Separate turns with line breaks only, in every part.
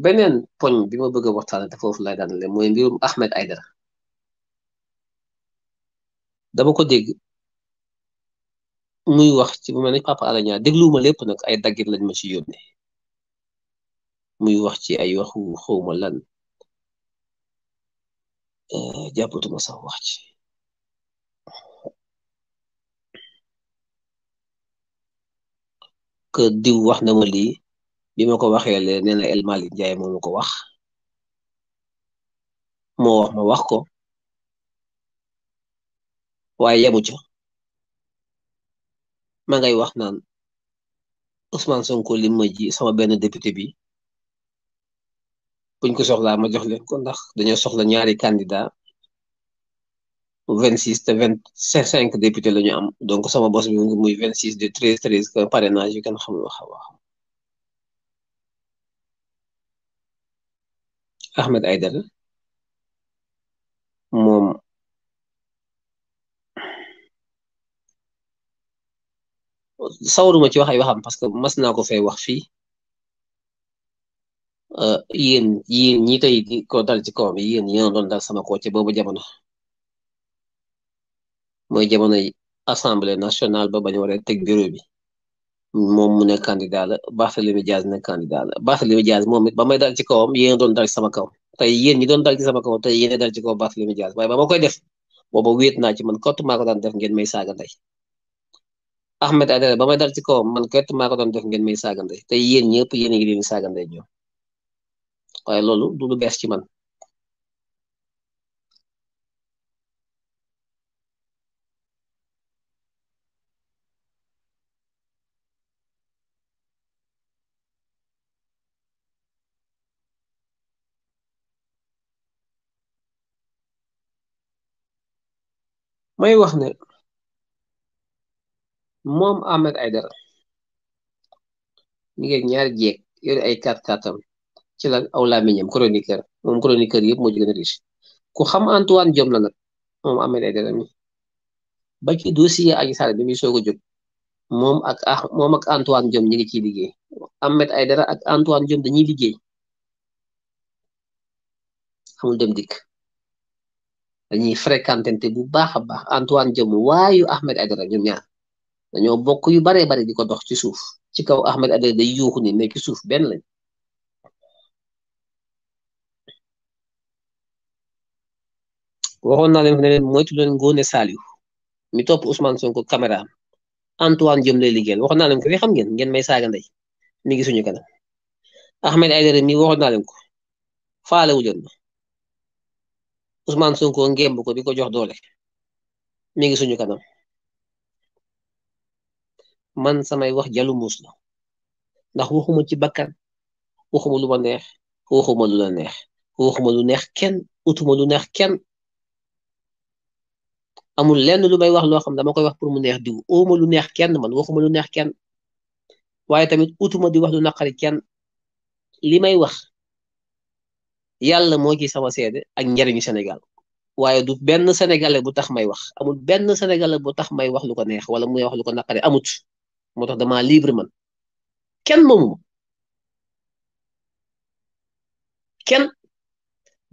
beneen poñ bi ma bëgg a waxtaane te foofu lay daanale mooy mbirum Ahmed Aidara dama ko dégg muy wax ci bu mel ni Papa Alé Niang dégluwuma lépp nag ay daggit lañ ma ci yónnee muy wax ci ay waxu xawma lan euh, jàppatuma sax wax ci que diw wax na ma lii bi ma ko waxee lee nee na El Malick Ndiaye moo ma ko wax moo wax ma wax ko waaye yamu ca ma ngay wax naan Ousmane Sonko lim ma ji sama benn député bi buñ ko soxlaa ma jox leen ko ndax dañoo soxla ñaari candidat vingt six te vingt cinq député la ñu am donc sama bos bi mu ngi muy vingt six de treize treize que parrainage yi kenn wax Ahmed Aidara moom sawaruma ci wax ay waxam parce que mas naa ko fay wax fii euh, yéen yéen ñi tey ko dal ci kawam yéen yéen doon dal sama koo ci boobu jamono mooy jamono assemblée nationale ba bañu war a moom mu ne candidat la Barthélémy Diaz ne candidat la Barthélémy Diaz moom it ba may dal ci kawam yéen ci sama kaw tey yéen ñi doon dal ci sama kaw tey ma koy def booba wéet naa ci man kott maa ko def ngeen may saaga Ahmed Aidara ba may dal ci kawam man kott maa ko daan def ngeen may saaga ndey tey yéen ñëpp yéen a ngi leen saaga ndey ñoom waaye loolu du lu bees may wax ne moom Ahmed Aidara mi ngi ñaari jeeg yore ay kàtt kàttam ci lan aw làmmiñam chroniqueur moom chroniqueur yëpp moo ci gën a xam Antoine Diome la nag moom Ahmed Aidara mi ba ci dossier Adji Sarr bi muy soog a jóg moom ak ah moom ak Antoine Diome ñu ngi ciy liggéey ay dara ak Antoine Diome dañuy liggéey amul dem dikk dañuy fréquenté bu baax a baax Antoine Diome waayu Ahmed Aidara ñoom ñaar dañoo bokk yu baree bari di ko dox ci suuf ci kaw Ahmed Aidara day yuuxu ni nekk ci suuf benn lañ waxoon naa leen ne leen moytu leen Ngoné Saliou mi topp Ousmane Sonko caméra am Antoine Diome lay liggéeyal waxoon naa leen ko fi xam ngeen ngeen may saaga ndey mi ngi suñu kanam Ahmed Aidara mi waxoon naa leen ko faale wu leen Ousmane Sonko ngemb ko di ko jox doole mi ngi suñu kanam man samay wax jalu muus la ndax waxuma ci bakkan waxuma lu ma neex waxuma lu la neex waxuma lu neex kenn utuma lu neex kenn amul lenn lu may wax loo xam dama koy wax pour mu neex diw ooma lu neex kenn man waxuma lu neex kenn waaye tamit utuma di wax lu naqari kenn li may wax yàlla moo ci sama seede ak njariñu Sénégal waaye du benn sénégalais bu tax may wax amul benn sénégalais bu tax may wax lu ko neex wala muy wax lu ko naqare amut moo tax damaa libre man kenn moomuma kenn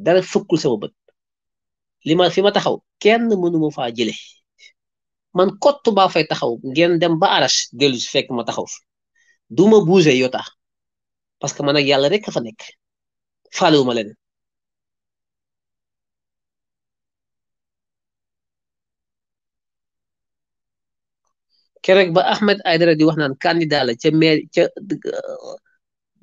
dara fëkkul sama bët li ma fi ma taxaw kenn mënuma faa jële man kott baa fay taxaw ngeen dem ba arrache dellu si fekk ma taxaw fi du ma bouger yota parce que man ak yàlla rek a fa nekk faalewuma leen keroog ba Ahmed Aidara di wax naan candidat la ca maire ca uh,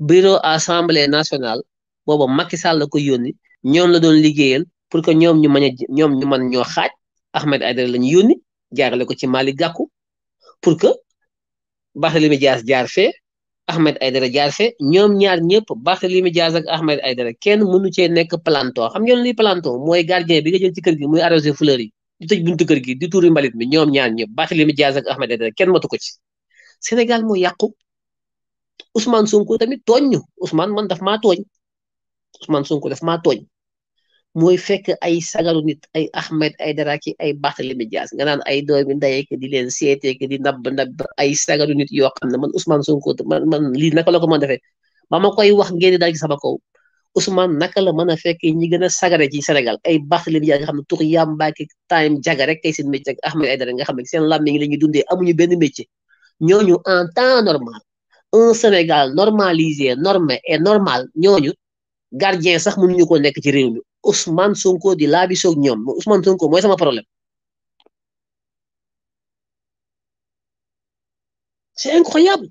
bureau assemblée nationale booba Macky Sall la ko yónni ñoom la doon liggéeyal pour que ñoom ñu mën a ñu mën ñoo xaaj Ahmed Aidara la ñu yónni jaarale ko ci Malick Gakou pour que Barthélémy Dias jaar fee Ahmed Aydara jaar fe ñoom ñaar ñëpp Barthélémy Dias ak Ahmed Aydara kenn mënu cee nekk planton xam ngeen luy planton mooy gardien bi nga jël ci kër gi muy arrosé fleurs yi di tëj buntu kër gi di tuuri mbalit mi ñoom ñaar ñëpp Barthélémy Dias ak Ahmed Aydara kenn matu ko ci Sénégal moo yàqu Ousmane Sonko tamit tooñ ñu Ousmane man daf maa tooñ Ousmane Sonko daf maa tooñ mooy fekk ay sagaru nit ay Ahmed ay dara ki ay Barthélémy Dias nga naan ay doomi ndey di leen seetee di nabb nabb ay sagaru nit yoo xam ne man Ousmane Sonko man man lii naka la ko mën defee ba ma koy wax ngeen daal ci sama kaw Ousmane naka la mën a fekk ñi gën a sagare ci Sénégal ay Barthélémy Dias nga xam ne tux yàmbaaki time jaga rek tey seen Ahmed ay dara nga xam ne seen làmmiñ la ñuy dundee amuñu benn métier ñooñu en temps normal un Sénégal normalisé normé et normal ñooñu gardien sax mënuñu ko nekk ci réew mi Ousmane Sonko di laabisoog ñoom Ousmane Sonko mooy sama problème c'est incroyable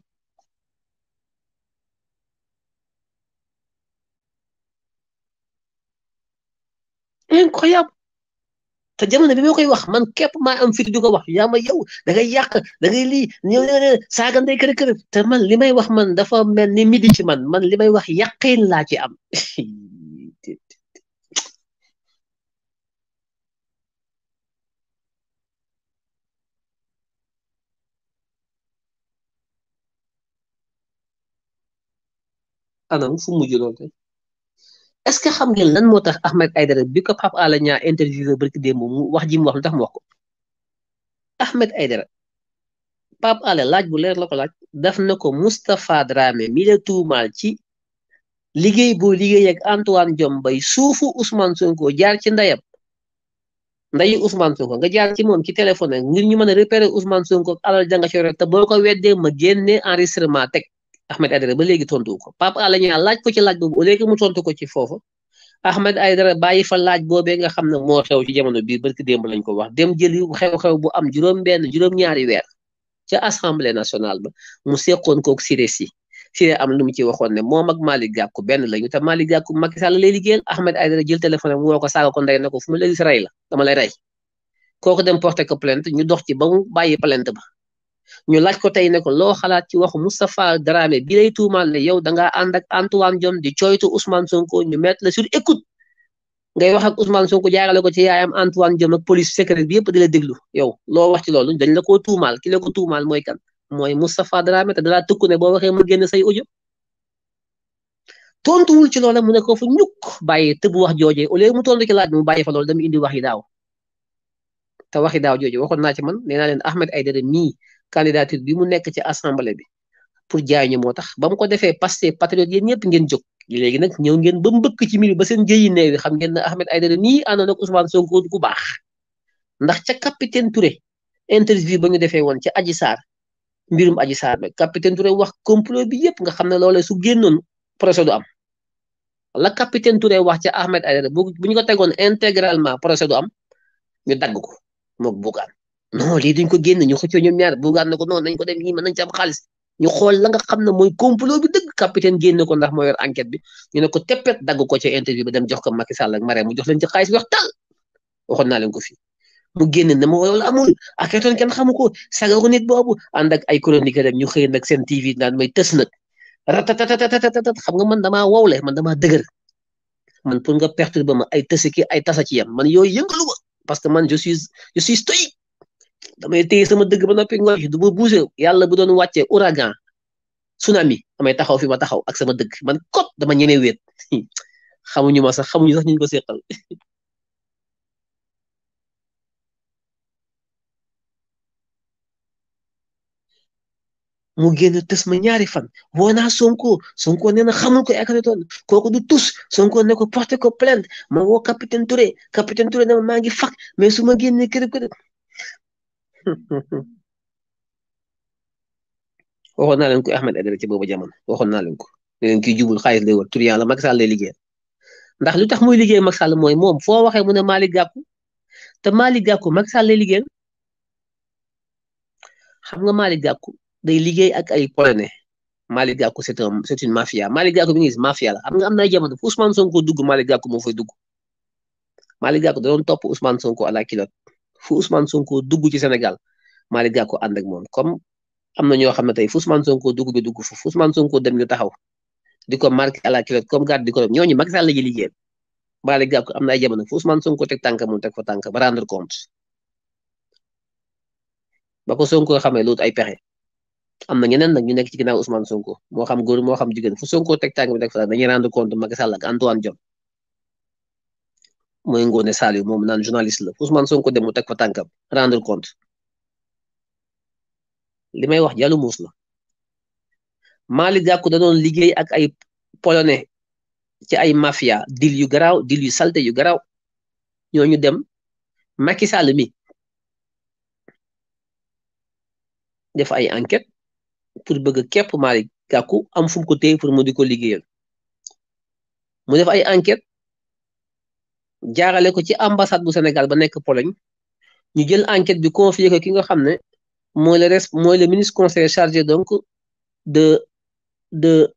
incroyable te jamono bi ma koy wax man képp maa am fit di ko wax yaa ma yow da ngay yàq da ngay lii ñëw saaga ndey kër kër te li may wax man dafa mel ni midi ci man man li may wax yàqin laa ci am anam fu mujj loolu tey est-ce que xam ngeen lan moo tax Ahmed Aïdara bi ko Pape Alé Niang interviewé barki démb mu wax ji mu wax lu tax mu wax ko Ahmed Aïdara Pape Alé laaj bu leer la ko laaj daf na ko Moustapha Dramé mi la ma ci liggéey boo liggéey ak Antoine Diome Mbaye suufu Ousmane Sonko jaar ci ndeyam ndayi Ousmane Sonko nga jaar ci moom ci téléphone ngir ñu mën a repérer Ousmane Sonko alal janga ci te boo ko weddee ma génne enregistrement teg Ahmed Aydara ba léegi tontu ko Pape Alé laaj ko ci laaj boobu au lieu que mu tontu ko ci foofu Ahmed Aydara bàyyi fa laaj boobee nga xam ne moo xew ci jamono bii barki démb lañ ko wax dem jëli xew-xew bu am juróom-benn juróom-ñaari weer ca assemblée nationale ba mu seqoon kook Siré Sy Siré am lu mu ci waxoon ne moom mag Malick Gakou benn lañu te Malick Gakou Macky Sall lay liggéeyal Ahmed Aydara jël téléphone am woo ko saaga ko ndey ko fu mu la gis rey la dama lay rey kooku dem porté ko plainte ñu dox ci ba mu bàyyi plainte ba. ñu laaj ko tey ne loo xalaat ci waxu Moustapha Dramé bi lay tuumaal ne yow da ngaa ànd ak Antoine Diome di coytu Ousmane Sonko ñu mettre la sur écoute ngay wax ak Ousmane Sonko jaarale ko ci yaayam Antoine Diome ak police secret bi yëpp di la déglu yow loo wax ci loolu dañ la koo tuumaal ki la ko tuumaal mooy kan mooy Moustapha Dramé te dalaa tëkku ne boo waxee mu génn say audio tontuwul ci loola mu ne fu fa ñukk bàyyi tëb wax joojee au mu tontu ci laaj mu bàyyi fa loolu dama indi wax yi daaw te waxi daaw jooju waxoon naa ci man candidature bi mu nekk ci assemblée bi pour jaay ñu moo tax ba mu ko defee Pastef patriote yéen ñëpp ngeen jóg léegi nag ñëw ngeen ba mbëkk ci mbir ba seen jëyi neewi xam ngeen ne Ahmed Aïdara nii àndoon ak Ousmane Sonko ku baax ndax ca capitaine Touré interview ba ñu defee woon ci aji saar mbirum Adji saar ba capitaine Touré wax complot bi yëpp nga xam ne loolee su génnoon procès du am la capitaine Touré wax ca Ahmed Aïdara bu ñu ko tegoon intégralement procès am ñu dagg ko moog bugaan non lii duñ ko génn ñu xëccoo ñoom ñaar bugaan na a non ko dem ñii mën nañ ci am xaalis ñu xool xam ne mooy complot bi dëgg capitaine ko ndax moo yor enquête bi ñu ne ko teppet dagg ko ci interview bi dem jox ko Macky Sall ak Marème mu jox leen ko fii mu génn na ma wala amul akeetoon kenn xamu ko sagaru nit boobu ànd ak ay chroniqueur dem ñu xëy nag seen TV naan may tës nag ratatatatat xam nga man damaa wowle man damaa dëgër man pour nga ba ma ay tësi ki ay tasa ci yam man yooyu yëngalu ma parce que man je suis je damay téye sama dëgg ba noppi ngooy du ma bougé yàlla bu doon wàccee ouragan tsunami amay taxaw fi ma taxaw ak sama dëgg man kot dama ñeme wéet xamuñu ma sax xamuñu sax ñu ko seqal mu génn tës ma ñaari fan woo naa Sonko Sonko nee na xamul ko Akhenaton kooku du tus Sonko ne ko porté ko plainte ma woo capitaine Touré capitaine Touré ne ma maa ngi fak mais su ma génnee kër waxoon naa leen ko Ahmed Aidara ci boobu jamono waxoon naa leen ko ne leen jubul xaalis lay wër tur yàlla Macky ndax lu tax muy liggéey Macky Sall mooy moom foo waxee mu ne mali Gakou te Malick Gakou Macky Sall lay liggéeyal xam nga Malick Gakou day liggéey ak ay polonais Malick Gakou c'est un c'est une mafia Malick Gakou bi nga gis mafia la xam nga am na ay jamono fu Ousmane Sonko dugg Malick Gakou moo fay dugg Malick Gakou da doon topp Ousmane Sonko à fu Ousmane Sonko dugg ci Sénégal Malick Gakou ànd ak moom comme am na ñoo xam ne tey fu Ousmane Sonko dugg bi dugg fu fu Ousmane Sonko dem ñu taxaw di ko marqué à la comme garde di ko ñoo ñi Macky Sall la ji liggéeyal Malick Gakou am na ay jamono fu Ousmane Sonko teg tànk moom teg fa tànk ba rendre compte ba ko Sonko xamee loolu ay pexe am na ñeneen nag ñu nekk ci ginnaaw Ousmane Sonko moo xam góor moo xam jigéen fu Sonko teg tànk bi teg fa tànk rendre compte Macky Sall ak mooy Ngoone Saliou moom naan journaliste la Ousmane Sonko dem mu teg fa tànkam rendre compte li may wax jalu muus la Malick Gakou da doon liggéey ak ay polonais ci ay mafia dil yu garaaw dil yu salte yu garaaw ñooñu dem Macky Sall mi def ay enquête pour bëgg képp Malick Gakou am fu ko téye pour mu di ko liggéeyal mu def ay enquête jaarale ko ci ambassade du Sénégal ba Pologne ñu jël enquête ki le ministre conseiller chargé donc de de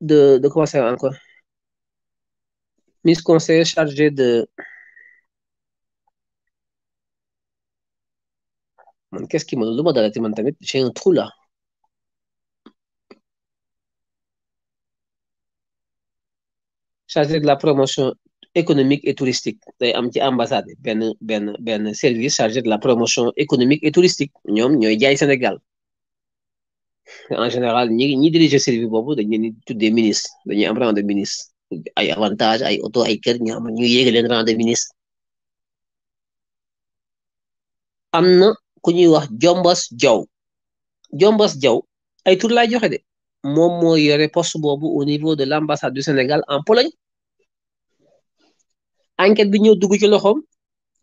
de de comment encore ministre conseiller chargé de qu'est-ce qui ma j'ai un trou là chargé de la promotion économique et touristique day am ci ambassade benn benn benn service chargé de la promotion économique et touristique ñoom ñooy jaay Sénégal en général ñi ñi dirige service boobu dañ leen di tuddee ministre dañuy am rang de ministre ay avantage ay oto ay kër ñu am ñu yéegi leen rang de ministre am na ku ñuy wax Jombos Jaw Jombos Jaw ay tour laay joxe de moom moo yore poste boobu au niveau de l'ambassade du Sénégal en Pologne enquête bi ñëw dugg ci loxoom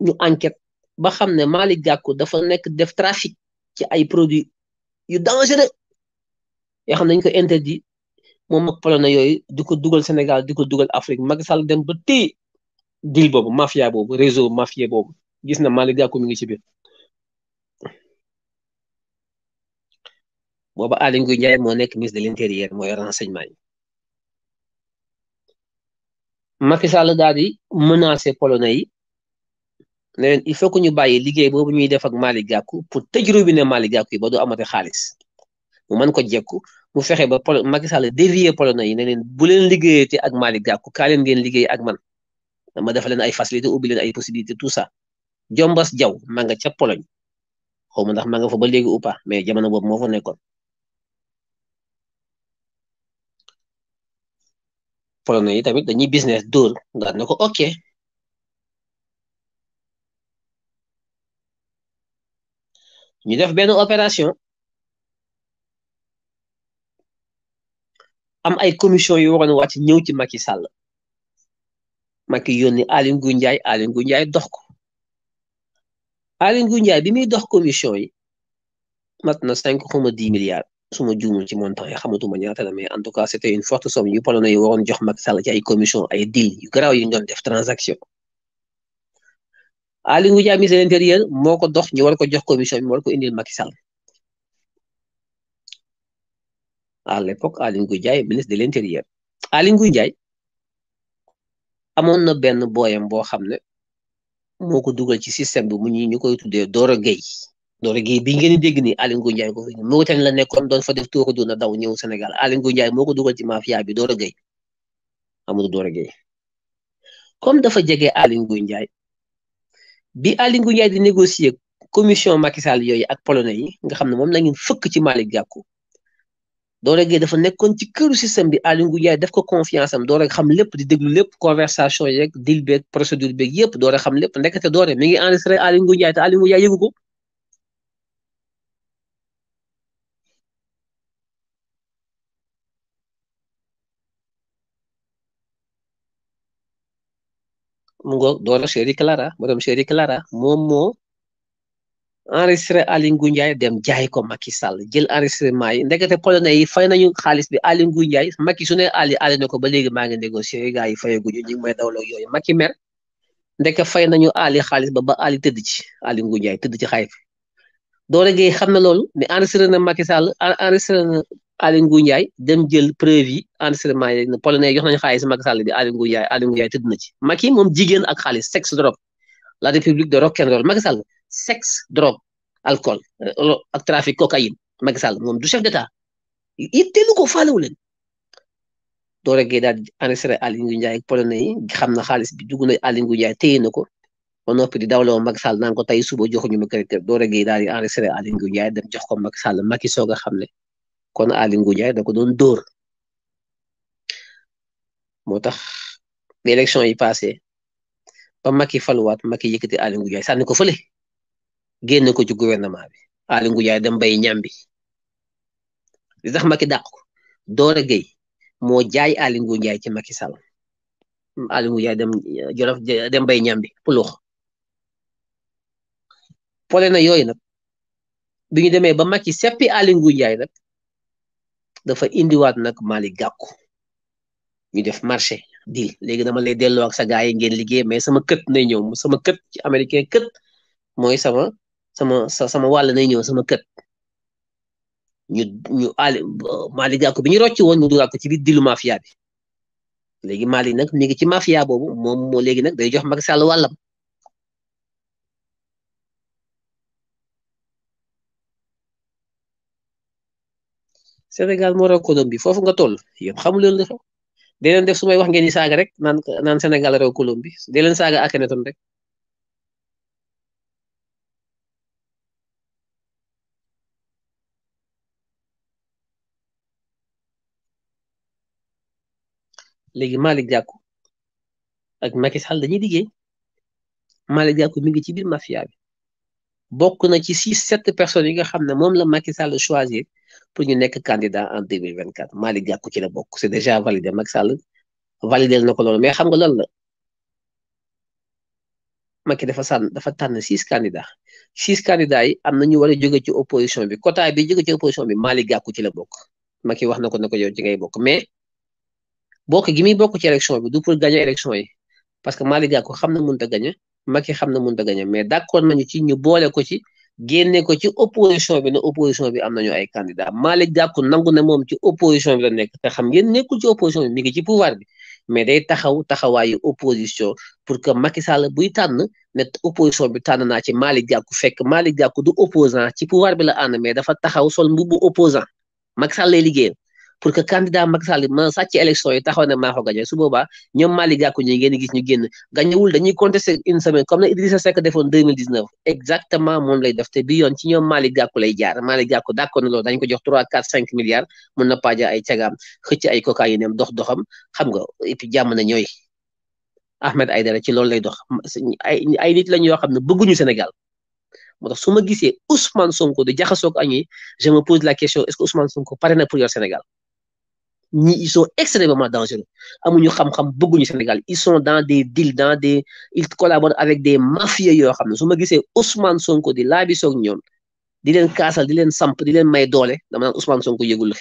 ñu enquête ba xam ne Malick Gakou dafa nekk def trafic ci ay produits yu dangereux yoo xam ne dañu ko interdit moom ak polonais yooyu di ko dugal Sénégal di ko dugal Afrique mag sal dem ba téye deal boobu mafia boobu réseau mafia boobu gis na mali Gakou mi ngi ci biir booba Aly Ngouille Ndiaye moo nekk ministre de l'intérieur mooy renseignement yi Maki sa le dadi menanse polonayi, nen yon ife kon yon baye ligye pou yon mwenye defak mali gaku, pou te jirou binen mali gaku yon bodo amate khalis. Mwen kwa diyekou, mwen fèkhe mwen maki sa le devye polonayi, nen yon boulen ligye yote ak mali gaku, kalen gen ligye yon akman. Mwen defalen ay fasilite ou bilen ay posibilite tout sa. Jom bas jow, mangan chep polon. Kou mwen dach mangan vobol degi ou pa, men yon jaman wap mwen vone kon. polonais yi tamit dañuy business dóor daan na ko ok ñu def benn opération am ay commission yu waroon wàcc ñëw ci Macky Sall Macky yónni Aly Ngouille Ndiaye Aly Ngouille Ndiaye dox ko Aly Ngouille Ndiaye bi muy dox commission yi mat na cinq xuma dix milliards suma jumul ci montant yi xamatuma ñaata la mais en tout cas c' était une forte somme yu polonais yi waroon jox Macky Sall ci ay commission ay deal yu garaaw yu ñu doon def transaction Aly Ngouille Ndiaye ministre de l'intérieur moo ko dox ñu war ko jox commission bi war ko indil Macky Sall à l'époque Aly Ngouille Ndiaye ministre de l'intérieur Aly Ngouille Ndiaye amoon na benn booyam boo xam ne moo ko dugal ci système bi mu ñi ñu koy tuddee Doro Gueye doole gi bi ngeen di dégg ni Aly Ngouille Ndiaye ko la nekkoon doon fa def tuuru duna daw ñëw Sénégal Aly Ngouille Ndiaye moo ko dugal ci mafia bi Doro Gueye Amadou Doro Gueye comme dafa jege Aly Ngouille Ndiaye bi Aly Ngouille Ndiaye di négocier commission Macky Sall yooyu ak polonais yi nga xam ne moom la ñu fëkk ci mali Gakou Doro Gueye dafa nekkoon ci kër système bi Aly Ngouille def ko confiance am xam lépp di déglu lépp conversation yeeg deal beeg procédure beeg yëpp Doro xam lépp ndekete Doro mi ngi enregistré Aly Ngouille Ndiaye te ko. mu ngoog doora Cheikh Clara borom Cheikh Clara moom moo enregistré Aly Ngouille Ndiaye dem jaay ko Macky Sall jël enregistrement yi ndekete polonais yi fay nañu xaalis bi Aly Ngouille Ndiaye Macky su ne Ali Ali na ko ba léegi maa ngi négocié gars yi fayaguñu ñu ngi may dawloo yooyu Macky mer ndeke fay nañu Ali xaalis ba ba Ali tëdd ci Aly Ngouille Ndiaye tëdd ci xaay fi doora na loolu ne Aly Ngouille dem jël preuve yi enregistrement yi polonais jox nañu xaalis Macky Sall di Aly Ngouille Ndiaye Aly Ngouille tëdd na ci Macky mom jigen ak xaalis sex drogue la république de rock and roll Macky Sall sex drogue alcool ak trafic cocaïne Macky Sall mom du chef d'état itteelu ko faalewu leen Doro Gaye daal enregistré Aly Ngouille ak polonais yi xamna na xaalis bi duguna na Aly Ngouille Ndiaye téye na ko ba noppi di dawloo Macky Sall naan ko tey suba joxuñu ma kër kër do Gaye daal di enregistré Aly Ngouille Ndiaye dem jox ko Macky Sall Macky soga xamne kon Aly Ngouille Ndiaye da ko doon dóor moo tax élection yi passé ba Macky faluwaat Macky yëkkati Aly Ngouille Ndiaye sànni ko fale génn ko ci gouvernement bi Aly Ngouille Ndiaye dem bay ñambi li tax Macky dàq ko Dora Gueye moo jaay Aly Ngouille ci Macky Sall Aly Ngouille Ndiaye dem euh, Jolof euh, dem bay ñambi pulux pole na yooyu nag bi ñu demee ba Macky seppi Aly Ngouille Ndiaye nag dafa indiwaat nag mali Gakou ñu def marché deal léegi dama lay delloo ak sa gars yi ngeen liggéey mais sama kët nay ñëw sama kët ci américain kët mooy sama sama sama wàll nay ñëw sama kët ñu ñu ali Malick Gakou bi ñu rocc woon ñu dugal ko ci biir dilu mafia bi léegi Malick nag mi ngi ci mafia boobu moom léegi nag day jox Macky Sall wàllam Sénégal Morocco doom bi foofu nga toll yéen xamu leen li xew dee leen def su may wax ngeen di saaga rek naan naan Sénégal réew Colombie dee leen saaga Akhenaton rek léegi Malick Gakou ak Macky Sall dañuy liggéey Malick Gakou mi ngi ci biir mafia bi bokk na ci six sept personnes yi ga xam ne moom la Macky Sall choisir pour ñu nekk candidat en deux mille vingt quatre Malick Gakou ci la bokk c'est déjà validé Macky Sall validé na ko loolu mais xam nga loolu la Macky dafa sànn dafa tànn six candidats six candidats yi am na ñu war a jóge ci opposition bi quota bi jóge ci opposition bi Malick Gakou ci la bokk Macky wax na ko ne ko yow ci ngay bokk mais bokk gi muy bokk ci élection bi du pour gagner élection yi parce que Malick Gakou xam na mënut a gagner Macky xam na mënut a gagner mais d'accord nañu ci ñu boole ko ci. génne ko ci opposition bi ne opposition bi am nañu ay candidat Malick Gakou nangu na moom ci opposition bi la nekk te xam ngeen nekkul ci opposition bi mi ngi ci pouvoir bi mais day taxaw taxawaayu opposition pour que Macky Sall buy tànn ne opposition bi tànn naa ci Malick Gakou fekk Malick Gakou du opposant ci pouvoir bi la ànd mais dafa taxaw sol mbubbu opposant Macky Sall lay liggéeyal pour que candidat Macky Sall mën a sàcc élection yi taxaw ne maa ko gañe su boobaa ñoom Mali Gakou ñi ngeen gis ñu génn gañewul dañuy contesté une semaine comme na Idrissa Seck defoon 2019 exactement moom lay def te bi yoon ci ñoom Gakou lay jaar Mali Gakou d'accord na loolu dañ ko jox milliards mun na ay cagaam xëcc ay coca yi neem dox doxam xam nga et puis ci loolu lay ay ay nit lañ yoo xam ne bëgguñu Sénégal moo tax su ma gisee Ousmane Sonko di jaxasoo ak añuy je me pose la ñi ils sont extrêmement dangereux amuñu xam-xam bëgguñu Sénégal ils sont dans des deals dans des ils collaborent avec des mafieux yoo xam ne su ma gisee Ousmane Sonko di laabi soog ñoom di leen kaasal di leen samp di leen may doole dama naan Ousmane Sonko yëgul lu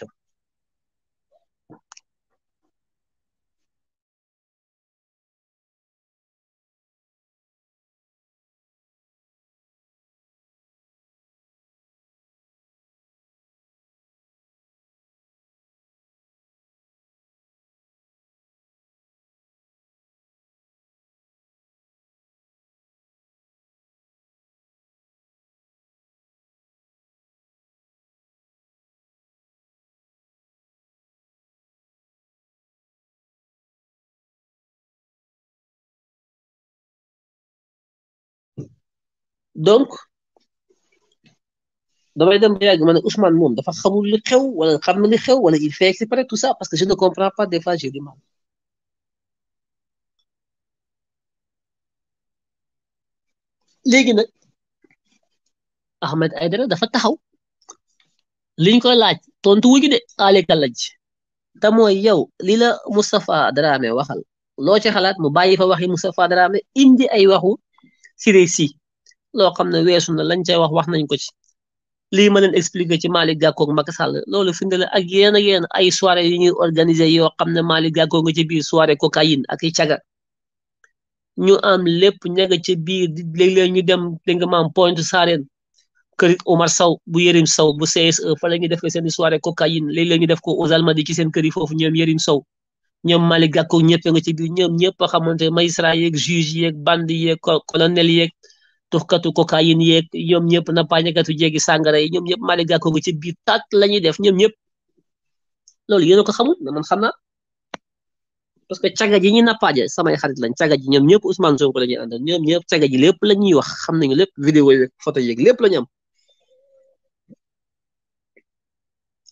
donc damay dem ba yàgg ma ne Ousmane moom dafa xamul xew wala xam na li xew wala il fait exprès tout ça parce que je ne comprends pas des fois j'ai du mal léegi nag dafa taxaw liñ ko laaj tontu wu ñu de aalika laaj te mooy yow li la Moustapha Dramé waxal loo ci xalaat mu bàyyi fa waxi Moustapha Dramé indi ay waxu Siré Sy loo xam ne weesu na lañ cay wax wax nañ ko ci lii ma leen expliquer ci Malick Gakou ak Macky Sall loolu fi la ak yéen a ay soirée yu ñuy organiser yoo xam ne Malick Gakou nga ci biir soirée cocaïne ak i caga ñu am lépp ña nga ci biir léeg-léeg ñu dem dégg nga maam Pointe Sarène kër Omar saw bu Yérim saw bu CSE fa la ñuy defee seen soirée cocaïne léeg-léeg def ko aux Almadies ci seen kër yi foofu ñoom Yérim Sow ñoom Malick Gakou ñëpp nga ci biir ñoom ñëpp a xamante magistrat yeeg juge yeeg band yeeg colonel yeeg. tuxkatu cocaïne yeeg ñoom ñëpp nappañekatu jéggi sàngara yi ñoom ñëpp Malick Gakou ngi ci biir tàtt la ñuy def ñoom ñëpp loolu yéen a ko xamul man xam naa parce que caga ji ñi nappaaje samay xarit lañ caga ji ñoom ñëpp Ousmane Sonko la ñuy àndal ñoom ñëpp caga ji lépp la ñuy wax xam nañu lépp vidéo yeeg photo yeeg lépp la ñu am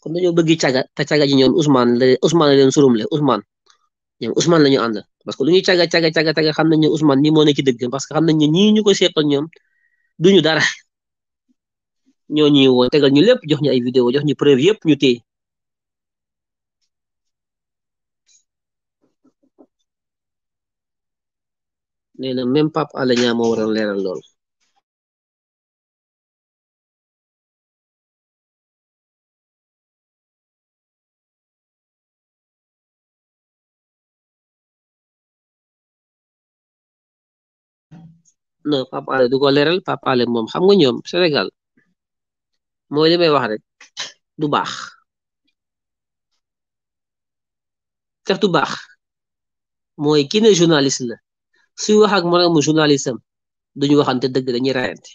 kon dañoo bëgg caga te caga ji ñoom Ousmane la Ousmane la leen surumle Ousmane ñoom Ousmane la ñu ànd parce que lu ñuy caga caga caga caga xam nañ ne Ousmane nii moo nekk ci dëgg parce que xam nañ ne ñii ñu ko seqal ñoom duñu dara ñoo ñuy woo tegal ñu lépp jox ñu ay vidéo jox ñu preuve yëpp ñu téye nee na même Pape Alé Niang moo waroon leeral loolu non Pape Alé du ko leeral moom xam nga ñoom Sénégal mooy li wax rek du baax tax du baax mooy ki ne journaliste la si wax ak moroomu journaliste am duñu waxante dëgg dañuy raayante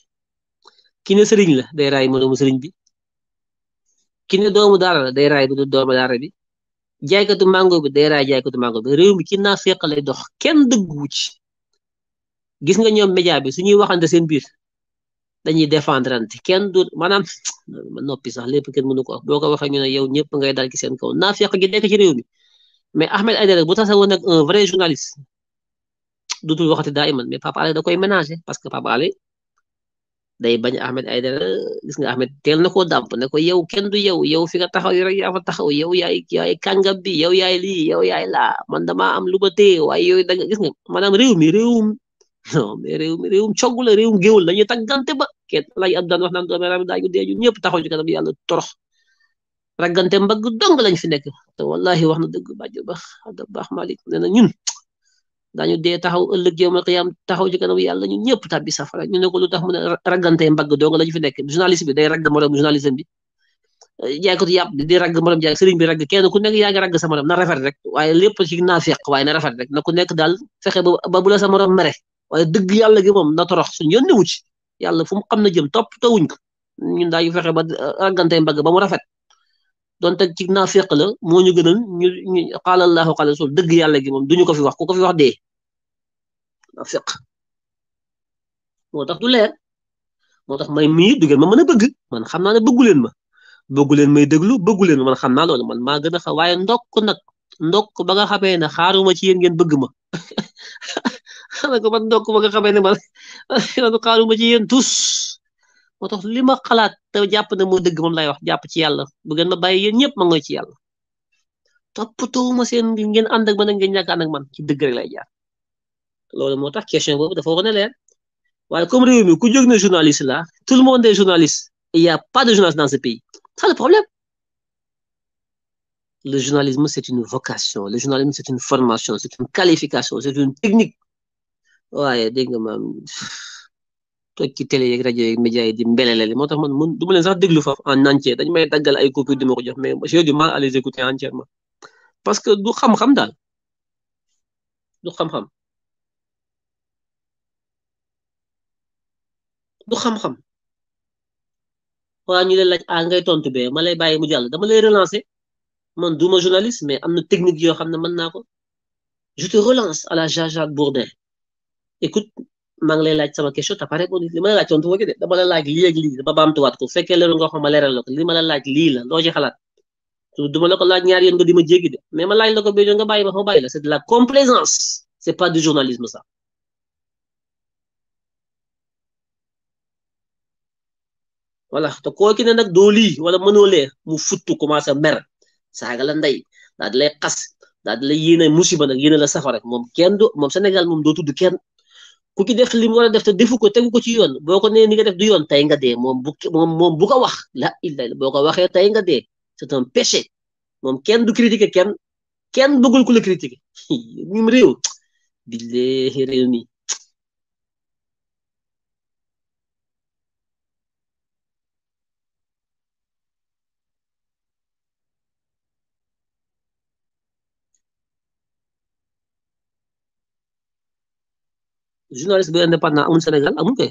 ki ne sëriñ la day raay moroomu sëriñ bi ki ne doomu daara la day raay du doomu daara bi jaaykatu mango bi day raay jaaykatu mango bi réew mi ki naa feq lay dox kenn dëggu ci gis nga ñoom média bi suñuy waxante seen biir dañuy défendre ante kenn du maanaam noppi sax lépp kenn mënu ko wax boo ko waxee ñu ne yow ñëpp ngay dal ci seen kaw naafeq gi nekk ci réew mi mais Ahmed Aïdara bu tase woon ak un vrai journaliste dutul waxati daa iman mais Pape Alé da koy ménager parce que Pape day bañ Ahmed Aïdara gis nga Ahmed teel na koo dàmp ne ko yow kenn du yow yow fi nga taxaw rek yaa fa taxaw yow yaay yaay kàngam bi yow yaay lii yow yaay laa man damaa am lu ba téye waaye yooyu da nga gis nga réew non mais réew mi réewum cogg la réewum géwul la ñu taggante ba kenn lay ab daan wax naan doomi raam daaju deeju ñëpp taxaw ci kanam yàlla torox raggante mbagg dong lañ fi nekk te wallahi wax na dëgg bàjjo ba baax malik nee na ñun dañu dee taxaw ëllëg yowmal qiyaam taxaw ci yàlla ñun ñëpp tàbbi safara ñu ne ko lu tax mu ne mbag mbagg dong lañ fi nekk journaliste bi day rag morom journalisme bi eh, jaaykatu yàpp di ragg morom jaay sëriñ bi ragg kenn ku nekk yaa ngi ragg sa morom na rafet rek waaye lépp ci naafeq waaye na rafet rek na ku nekk daal fexe ba bu la sa morom mere waaye dëgg yàlla gi moom na torox suñu yónni wu ci yàlla fu mu xam na jëm toppatoo wuñ ko ñun daañu fexe ba raggante mbagg ba mu rafet donte ci naafeq la moo ñu gënal ñu ñu qaala Allahu qaala dëgg yàlla gi moom duñu ko fi wax ku ko fi wax dee naafeq moo tax du leer moo tax may mii du ngeen ma mën a bëgg man xam naa ne bëggu leen ma bëggu leen may déglu bëggu leen ma man xam naa lool man maa gën a xam waaye ndokk nag ndok ba nga xamee ne xaaruma ci yéen ngeen bëgg ma. xanaa ko man donc ba nga xamee ne man man xaaruma ci yéen tus moo tax li ma xalaat te jàpp ne moo dëgg moom lay wax jàpp ci yàlla bu ngeen ma bàyyi yéen ñëpp ma ngoy ci yàlla toppatoo ma seen ngeen ànd ak man ak ngeen ñàkk ànd man ci dëgg rek lay jaar loolu moo tax question boobu dafa war a leer waaye comme réew mi ku jóg journaliste la tout le monde est journaliste il y a pas de journaliste dans ce pays ça le problème le journalisme c'est une vocation le journalisme c'est une technique Ouais, dégg nga maam toog télé média man du sax en entier ay ma ko mais j'ai du mal à les écouter entièrement parce que du xam-xam daal du xam-xam du xam-xam waa ñu ah, tontu mu dama lay relancer man du journaliste mais technique je te relance à la Jaja Bourdin écoute maa ngi lay laaj sama question te pare ko li ma la laaj tontu woo de dama la laaj lii ak lii dama baamtuwaat ko fekkee leeral nga xam ma leeral la ko li ma la laaj lii la loo ci xalaat du ma la ko laaj ñaari yoon nga di jéggi de mais ma laaj la ko nga bàyyi ma fa bàyyi la c'est de la complaisance c'est pas du journalisme ça. voilà te kooki ne nag doo lii wala mënoo lee mu futtu commencé mer saaga la ndey daal di lay xas daal di lay yéene musiba nag yéene la safara moom kenn du moom Sénégal moom doo tudd kenn. ku ci def li mu war a def te defu ko tegu ko ci yoon boo ko nee ni nga def du yoon tey nga dee moom bu mom moom bu ko wax la illa boo ko waxee tey nga dee c'est un péché moom kenn du critiquer kenn kenn bëggul ku la critiquer ñum réew billahi réew mi journaliste bu indépendant amul Sénégal amul kay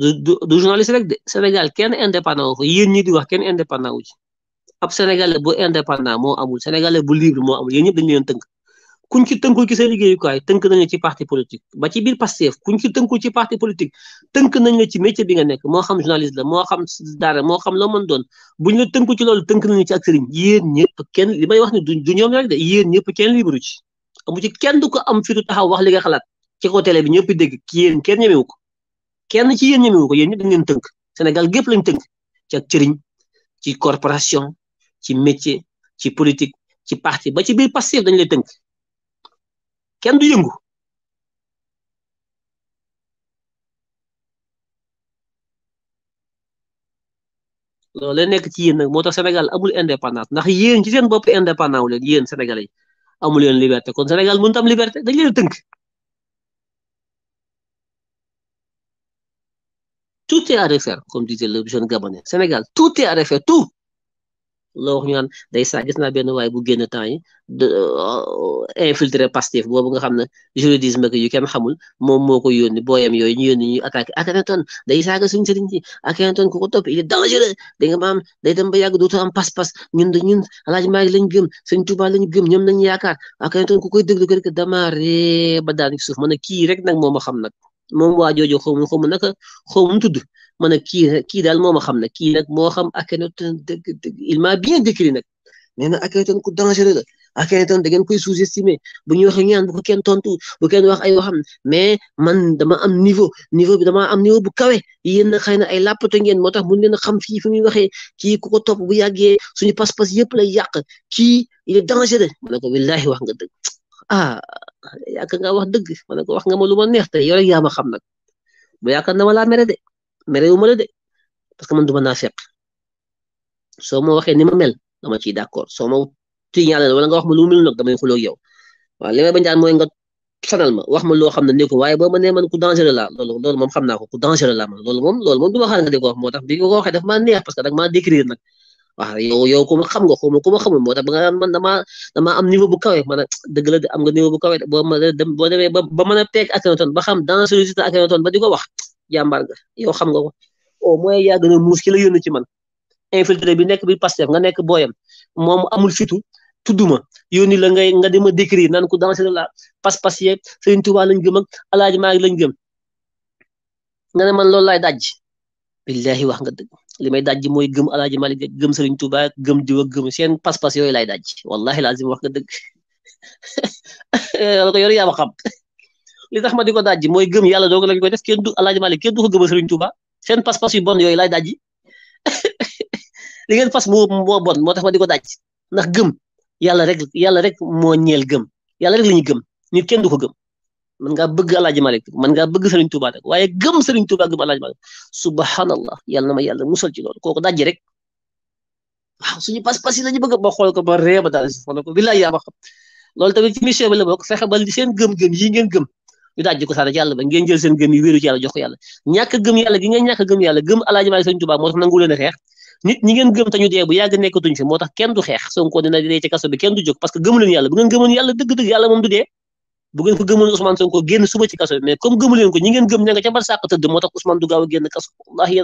du du journaliste rek de Sénégal kenn indépendant wu fa yéen ñi di kenn indépendant wu ci a sénégalais bu indépendant moo amul sénégalais bu libre moo amul yéen ñëpp dañu leen tënk kuñ ci tënkul ci sa liggéeyukaay tënk nañ ci parti politique ba ci biir Pastef kuñ ci tënkul ci parti politique tënk nañ la ci métier bi nga nekk moo xam journaliste la moo xam mo moo xam loo mën doon buñ la tënku ci loolu tënk nañ ci ak sëriñ yéen ñëpp kenn li wax ni du ñoom rek de yéen ñëpp kenn libre ci amu ci kenn du ko am fitu taxaw wax li nga ci ko bi ñëpp dégg ki yeen kenn ñemewu wuko kenn ci yeen ñemewu wuko yeen ñëpp ngeen tënk Sénégal gëpp lañ tënk ci ak cëriñ ci corporation ci métier ci politique ci parti ba ci biir passif dañ lay tënk kenn du yëngu loolu la nekk ci yeen nak motax tax Sénégal amul indépendance ndax yeen ci seen bop indépendant wu leen yéen Sénégalais amul yeen liberté kon Sénégal mën tam liberté dañ leen teunk tout est à refaire comme disait le jeune Gabonais Sénégal tout est à refaire tout loo wax ñu naan day saa gis naa benn waaye bu génn temps yi de euh, infiltré Pastef boobu nga xam ne juridisme yu kenn xamul moom moo ko yónni booyam yooyu ñu yónni ñu attaqué Akhenaton day saaga suñu sëriñ ci Akhenaton ku ko topp il est dangereux da nga ba yàgg dootoo am pas-pas ñun de ñun Alaaji Maalik lañ gëm Sëriñ Tuubaa lañ gëm ñoom lañ yaakaar Akhenaton ku koy kii rek nag moo xam nag moom waa jooju xaw ma xaw ma naka xaw ma tudd ma ne kii kii daal moo ma xam ne kii nag moo xam Akhenaton dëgg dëgg il m'a bien décrit nag nee na a ku dangereux la Akhenaton da ngeen koy sous-estimer bu ñuy wax ñaan bu ko kenn tontu bu kenn wax ay waxam mais man dama am niveau niveau dama am niveau bu kawe yéen na xëy na ay làppate ngeen moo tax mun leen a xam fii fi muy waxee kii ku ko topp bu yàggee suñu pas-pas yëpp lay yàq kii il est dangereux ma ne ko wallaahi wax nga dëgg. ah yaakaar nga wax dëgg ma ne ko wax nga ma lu ma neex te yow rek yaa ma xam nag bu yaakaar na ma laa mere de mere wu ma la de parce que man du ma naa fekk ma waxee ni mel dama ciy d'accord soo ma tiñaale wala nga wax ma lu nag damay xuloo yow waaw li may bañaan mooy nga sanal ma wax ma loo xam ne ne ko waaye boo ma man ku dangereux la loolu xam naa ko ku dangereux la man loolu moom loolu nga di wax moo tax bi ko waxee daf maa neex parce que dag décrire nag waaw yow yow ku xam nga xaw ma ku ma xamul moo tax ba nga man damaa damaa am niveau bu kawe man dëgg la am nga niveau bu de boo ma boo demee ba a peeg Akhenaton ba xam dangerosité Akhenaton ba di ko wax jàmbaar ga yow xam nga ko au moins yaa gën a muus ki la yónni ci man infiltré bi nekk bi Pastef nga nekk booyam moom amul fitu tudduma yónni la ngay nga dima décrire naan ko dangereux la pas-pas yeeg Sëriñ Tuubaa lañ gëm ak Alaaji Maalik lañ gëm nga ne man loolu laay daj billahi wax nga dëgg li may dajji mooy gëm alaaji Malik gëm Sëriñ Tuuba gëm diwa gëm seen pas-pas yooyu laay dajj wallahi lazim wax nga dëgg la ko yor yaa ma xam li tax ma di ko dajji mooy gëm yàlla doog lañu koy def kenn du alaaji Malik kenn du ko gëma Sëriñ Tuuba seen pas bon yooyu lay dajji li ngeen fas moo moo bon moo tax ma di ko dajj ndax gëm yàlla rek yàlla rek moo ñel gëm yàlla rek la ñuy gëm nit kenn du ko gëm man nga bëgg alaaji malik man nga bëgg sëriñ tuuba rek waaye gëm sëriñ tuuba gëm alaaji malik subhanallah yàlla na ma yàlla musal ci loolu kooku dajji rek waaw suñu pas-pas yi lañu bëgg ba xool ko ba ree ba daal xool ko billahi yaa ma xam loolu tamit ci mission bi la bokk fexe ba seen gëm-gëm yi ngeen gëm ñu dajji ko saara ci yàlla ba ngeen jël seen gëm yi wéeru ci yàlla jox ko yàlla ñàkk gëm yàlla gi ngeen ñàkk gëm yàlla gëm alaaji malik sëriñ tuuba moo tax nangu leen a xeex nit ñi ngeen gëm tañu dee bu yàgg nekkatuñ fi moo tax kenn du xeex sonko dina dee ci kaso bi kenn du jóg parce que gëmu yàlla bu ngeen gëmoon yàlla dëgg-dëgg yàlla moom du dee bu ngeen ko gëmoon Ousmane Sonko génn suba ci kaso bi mais comme ko ñi ngeen gëm ña nga ca bar sàq tëdd moo tax Ousmane du gaaw a génn kaso wallahi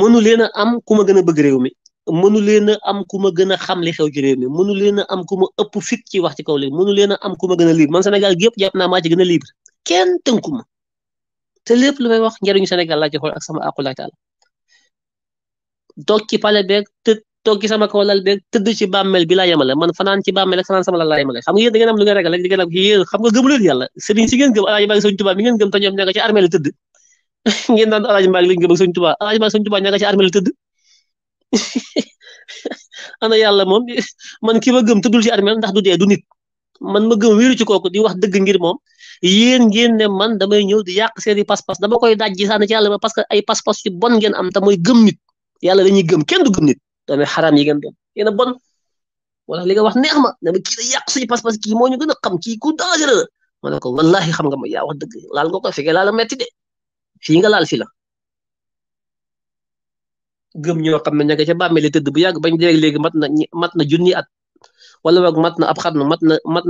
mënu leen a am ku ma gën a bëgg réew mi mënu leen a am ku ma gën a xam li xew ci réew mi mënu leen a am ku ma ëpp fit ci wax ci kaw léegi mënu leen am ku ma gën a libre man senegal gi yëpp jàpp naa maa ci gën a libre kenn tënku ma te lepp lu may wax njëriñu senegal la ci xool ak sama aqulaay taala toog ci pale beeg te toog ci sama kaw bek beeg tëdd ci bammel bi la yemale man fanan ci bammel ak fanaan sama la laa yemale xam nga da ngeen am lu ngeen regal rek di ngeen am xam nga gëmu yalla serigne ci ngeen gëm alaaji Mbaag serigne touba mi ngeen gëm ta ñom ñanga ci armée la ngeen nan alaaji Mbaag lañ gëm serigne touba alaaji Mbaag Sëriñ Tuubaa ñanga ci armée la ana yalla mom man ki ma gëm teudul ci armée ndax du dee du nit man ma gëm wiru ci koku di wax deug ngir mom yéen ngeen ne man damay ñëw di yàq seeni pas-pas dama koy dajji sànni ci yàlla ba parce que ay pas-pas yu bon ngeen am te mooy gëm nit yàlla dañuy gëm kenn du gëm nit doomi xaraam yi ngeen doon yéen a bon wala li nga wax neex ma dama kii da yàq suñu pas-pas kii moo ñu gën a xam kii ku dangereux la ma ne ko wallahi xam ga ma yaa wax dëgg laal nga ko fi nga laal metti de fii nga laal fi la gëm ñoo xam ne ña nga ca bàmmeel tëdd bu yàgg bañ léegi léegi mat na mat na junni at wala boog mat na ab xarnu mat na mat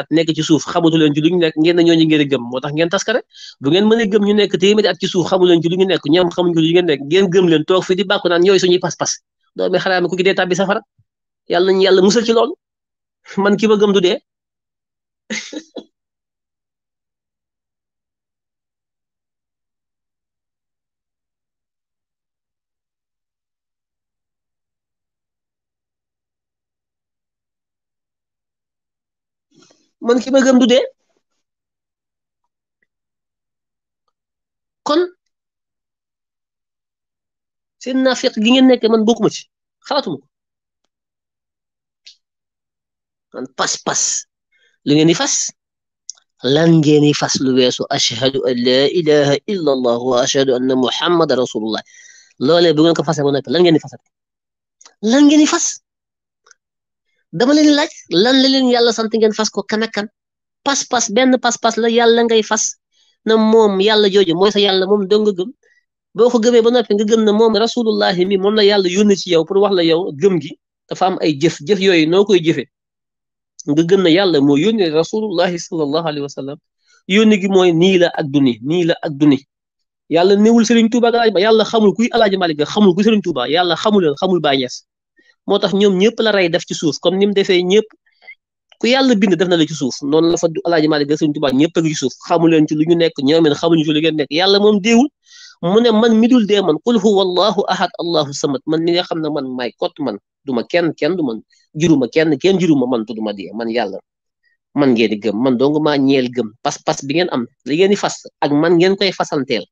at nekk ci suuf xamatu leen ci lu ñu nekk ngeen na ñooñu ngeen moo tax ngeen taskare bu ngeen mën nekk téeméeri at ci suuf xamu leen ci lu ñu nekk ñoom xamuñu lu ñu ngeen nekk ngeen gëm leen toog fii di bàkku naan ku ki dee tàbbi safara ci loolu man ki ma gëm dee man ki ma gëm du dee kon seen nafiq gi ngeen nekk man bokkuma ci xalaatuma ko man pas-pas lu ngeen di fas lan ngeen di fas lu weesu ashhadu an la ilaha illa allah wa ashhadu anna muhammad rasulullah loolee bu ngeen ko fase mu nekk lan ngeen di fasat lan ngeen di fas dama leen laaj lan la leen yàlla sant ngeen fas ko kan ak kan pas-pas benn pas-pas la yàlla ngay fas na moom yàlla jooju mooy sa yàlla moom dong nga gëm boo ko gëmee ba noppi nga gëm na moom rasulullahi mi moom na yàlla yónni ci yow pour wax la yow gëm gi dafa ay jëf jëf yooyu noo koy jëfee nga gëm na yàlla moo yónni rasulullahi sallallahu alayhi wa sallam yónni gi mooy ni la ak duni nii la ak duni yàlla néewul Serigne Touba ak Alaaji Ba yàlla xamul kuy Alaaji Malick xamul kuy Serigne Touba yàlla xamul xamul Baay Ñas moo tax ñoom ñëpp la rey def ci suuf comme ni mu defee ñëpp ku yàlla bind def na la ci suuf noonu la fa alaaji Maalik ga Sëriñ Tuubaa ñëpp a ngi ci suuf xamu leen ci lu ñu nekk ñoom it xamuñu ci lu ngeen nekk yàlla moom déewul mu ne man mi dul dee man qul huwa allahu ahad allahu samad man mi nga xam ne man maay kott man duma kenn kenn du man juruma kenn kenn juruma man tu duma dee man yàlla man ngeen di gëm man dong maa ñeel gëm pas-pas bi ngeen am li ngeen di fas ak man ngeen koy fasanteel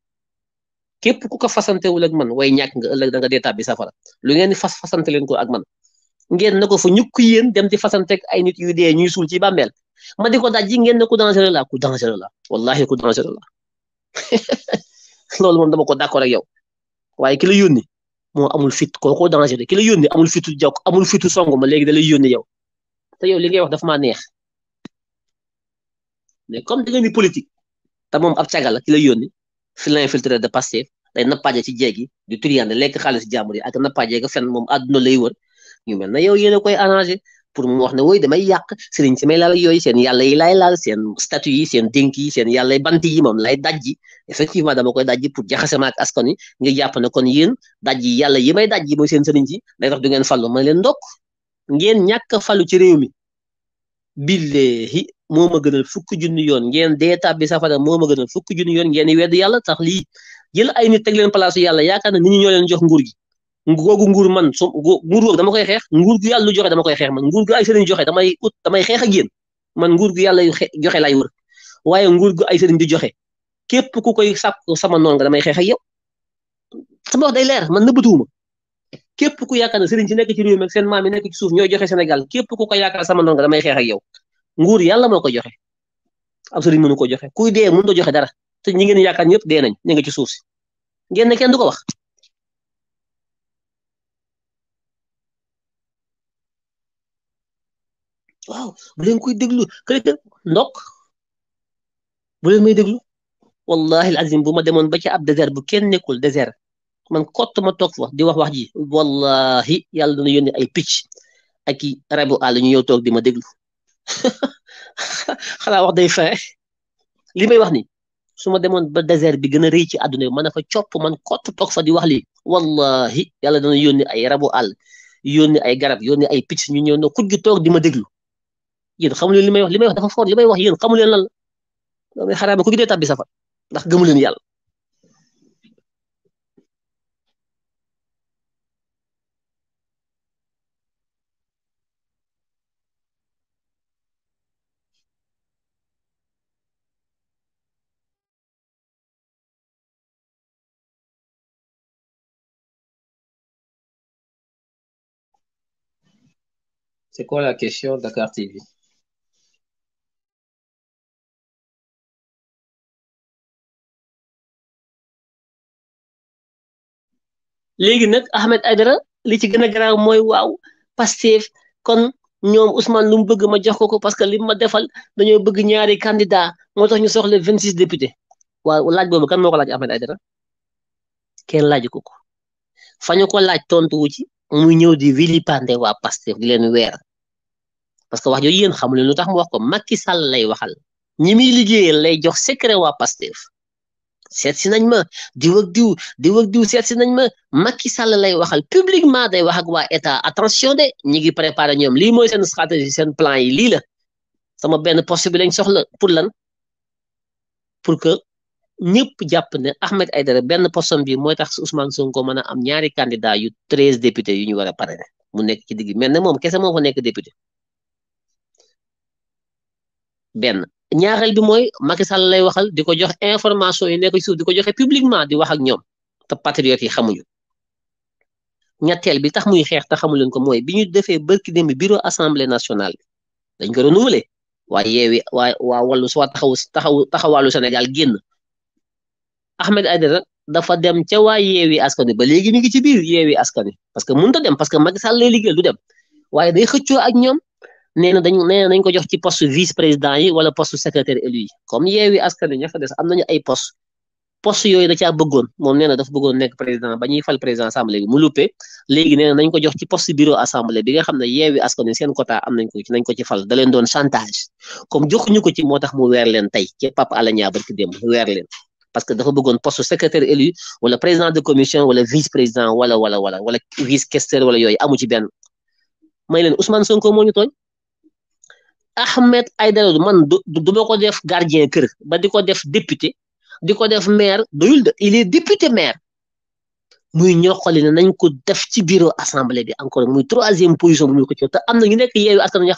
képp ku ko wul ak man way ñak nga ëlëk da nga bi safara lu ngeen fas fasante leen ko ak man ngeen nako fu ñuk yeen dem di fasante ak ay nit yu dé ñuy sul ci bambel ma diko dajji ngeen nako ku dangereux la ku dangereux la wallahi ku dangereux la loolu mom dama ko d'accord ak yow waye ki la yoni mo amul fit ko dangereux ki la yoni amul fitu jokk amul fitu songu ma légui da lay yoni yow te yow li ngay wax daf ma neex mais comme da nga ni politique ta mom ab ki la yoni filin infiltré de Pastef day nappaaje ci jéeg di turiyande lekk xaalis jàmbur yi ak nappaaje ko fenn moom àdduna lay wër ñu mel na yow yéen a koy arrangé pour mu wax ne woy damay yàq sëriñ si may laal yooyu seen yàlla yi laay laal seen statut yi seen dénk yi seen yi moom lay dajji effectivement dama koy dajji pour jaxase ma ak askan yi kon yéen dajji yàlla yi may dajji mooy seen sëriñ si tax du ngeen fallu ma leen ndokk ngeen ñàkk falu moo ma gënal fukk junni yoon ngeen dee tàbbi safara moo ma gënal fukki junni yoon ngeen wedd yàlla tax lii jël ay nit teg leen place yàlla yaakaar na nit ñi ñoo leen jox nguur gi googu nguur man so nguur googu dama koy xeex nguur gu yàlla joxe dama koy xeex man nguur gu ay sëriñ joxe damay ut damay xeex ak yéen man nguur gu yàlla joxe lay wër waaye nguur gu ay sëriñ di joxe képp ku koy sàkk sama noon nga damay xeex ak yow sama wax day leer man nëbbatuwuma képp ku yaakaar ne sëriñ si nekk ci réew mi ak seen maam nekk suuf ñooy joxe senegal képp ku ko yaakaar sama noon damay xeex yow nguur yalla moko ko joxe ab serigne mënu ko joxe kuy dé mënu do joxe dara te ñi ngeen yaakaar ñëpp dé nañ ñi nga ci suuf ngeen kenn du wax waaw bu leen koy déglu kërika ndok bu leen may déglu wallahi alazim bu ma demoon ba ci ab désert bu kenn nekul désert man kott ma tok fa di wax wax ji wallahi yalla dana yoni ay pitch ak rabu àll ñu yow tok di ma déglu xanaa wax day fin li may wax ni su ma demoon ba désert bi gën a rëy ci àdduna bi man na fa copp man kott toog fa di wax lii wallahi yàlla dana yónni ay rabu àll yónni ay garab yónni ay picc ñu ñëw na kuj gi toog di ma déglu yéen xamu leen li may wax li may wax dafa foor li may wax yéen xamu leen lan la doomi xaraaba ku gi dee tàbbi safar ndax gëmu leen C'est quoi la question Dakar TV? léegi nag Ahmed Aidara li ci gën a garaaw mooy waaw Pastef kon ñoom Ousmane lu mu bëgg ma jox ko ko parce que li ma defal dañoo bëgg ñaari candidat moo tax ñu soxla vingt six députés waaw laaj boobu kan moo ko laaj Ahmed Aidara kenn laaj ko ko fa ñu ko laaj tontu ci mu ñëw di vilipande waa Pastef di leen weer parce que wax jooju yéen xamu leen lu tax mu wax ko ki Sall lay waxal ñi muy liggéeyal lay jox secret waa Pastef set si nañ ma di ak diw diw ak diw seet si nañ ma ki Sall lay waxal publiquement day wax ak waa état attention de ñi ngi préparé ñoom lii mooy seen stratégie seen plan yi lii la sama benn poste bi lañ soxla pour lan pour que ñëpp jàpp ne Ahmed Aïdara benn personne bi mooy tax Ousmane Sonko mën a am ñaari candidat yu treize députés yu ñu war a parrainer mu nekk ci digg mel ne moom kese moo fa nekk député benn ñaareel bi mooy Macky Sall lay waxal di ko jox information yi nekk ci suuf di ko joxe publiquement di wax ak ñoom te patriotes yi xamuñu ñetteel bi tax muy xeex te xamu leen ko mooy bi ñu defee bërki démb bureau assemblée nationale bi dañ ko renouveler waaye yeewi waa waa wallu soit taxawu taxawu taxawaalu Sénégal génn Ahmed adir dafa dem ci waa yewi askane ba léegi mi ngi ci bir yewi askane parce que mën ta dem parce que Macky Sall lay liguel du dem waye day xëccu ak ñom neena na dañu nee dañ ko jox ci poste vice président yi wala poste secrétaire élu yi comme yewi askane ñafa dess fa des am nañu ay poste poste yoy da ca bëggoon mom neena dafa bëggoon nek président ba ñuy fal président assemblée bi mu loupé léegi neena na nañ ko jox ci poste bureau assemblée bi nga xam yewi askane seen quota am nañ ko ci nañ ko ci fal da leen doon chantage comme joxuñu ko ci motax mu wër leen tay ci pap Alé Niang barki démb weer leen parce que dafa bëggoon poste secrétaire élu le président de commission le vice président wala wala wala wala vice questeur wala amu ci may Ousmane Sonko Ahmed man du ko def gardien kër ba di def député def maire il est député maire muy nañ ko def bureau assemblée bi encore muy troisième position bu ko ci ñu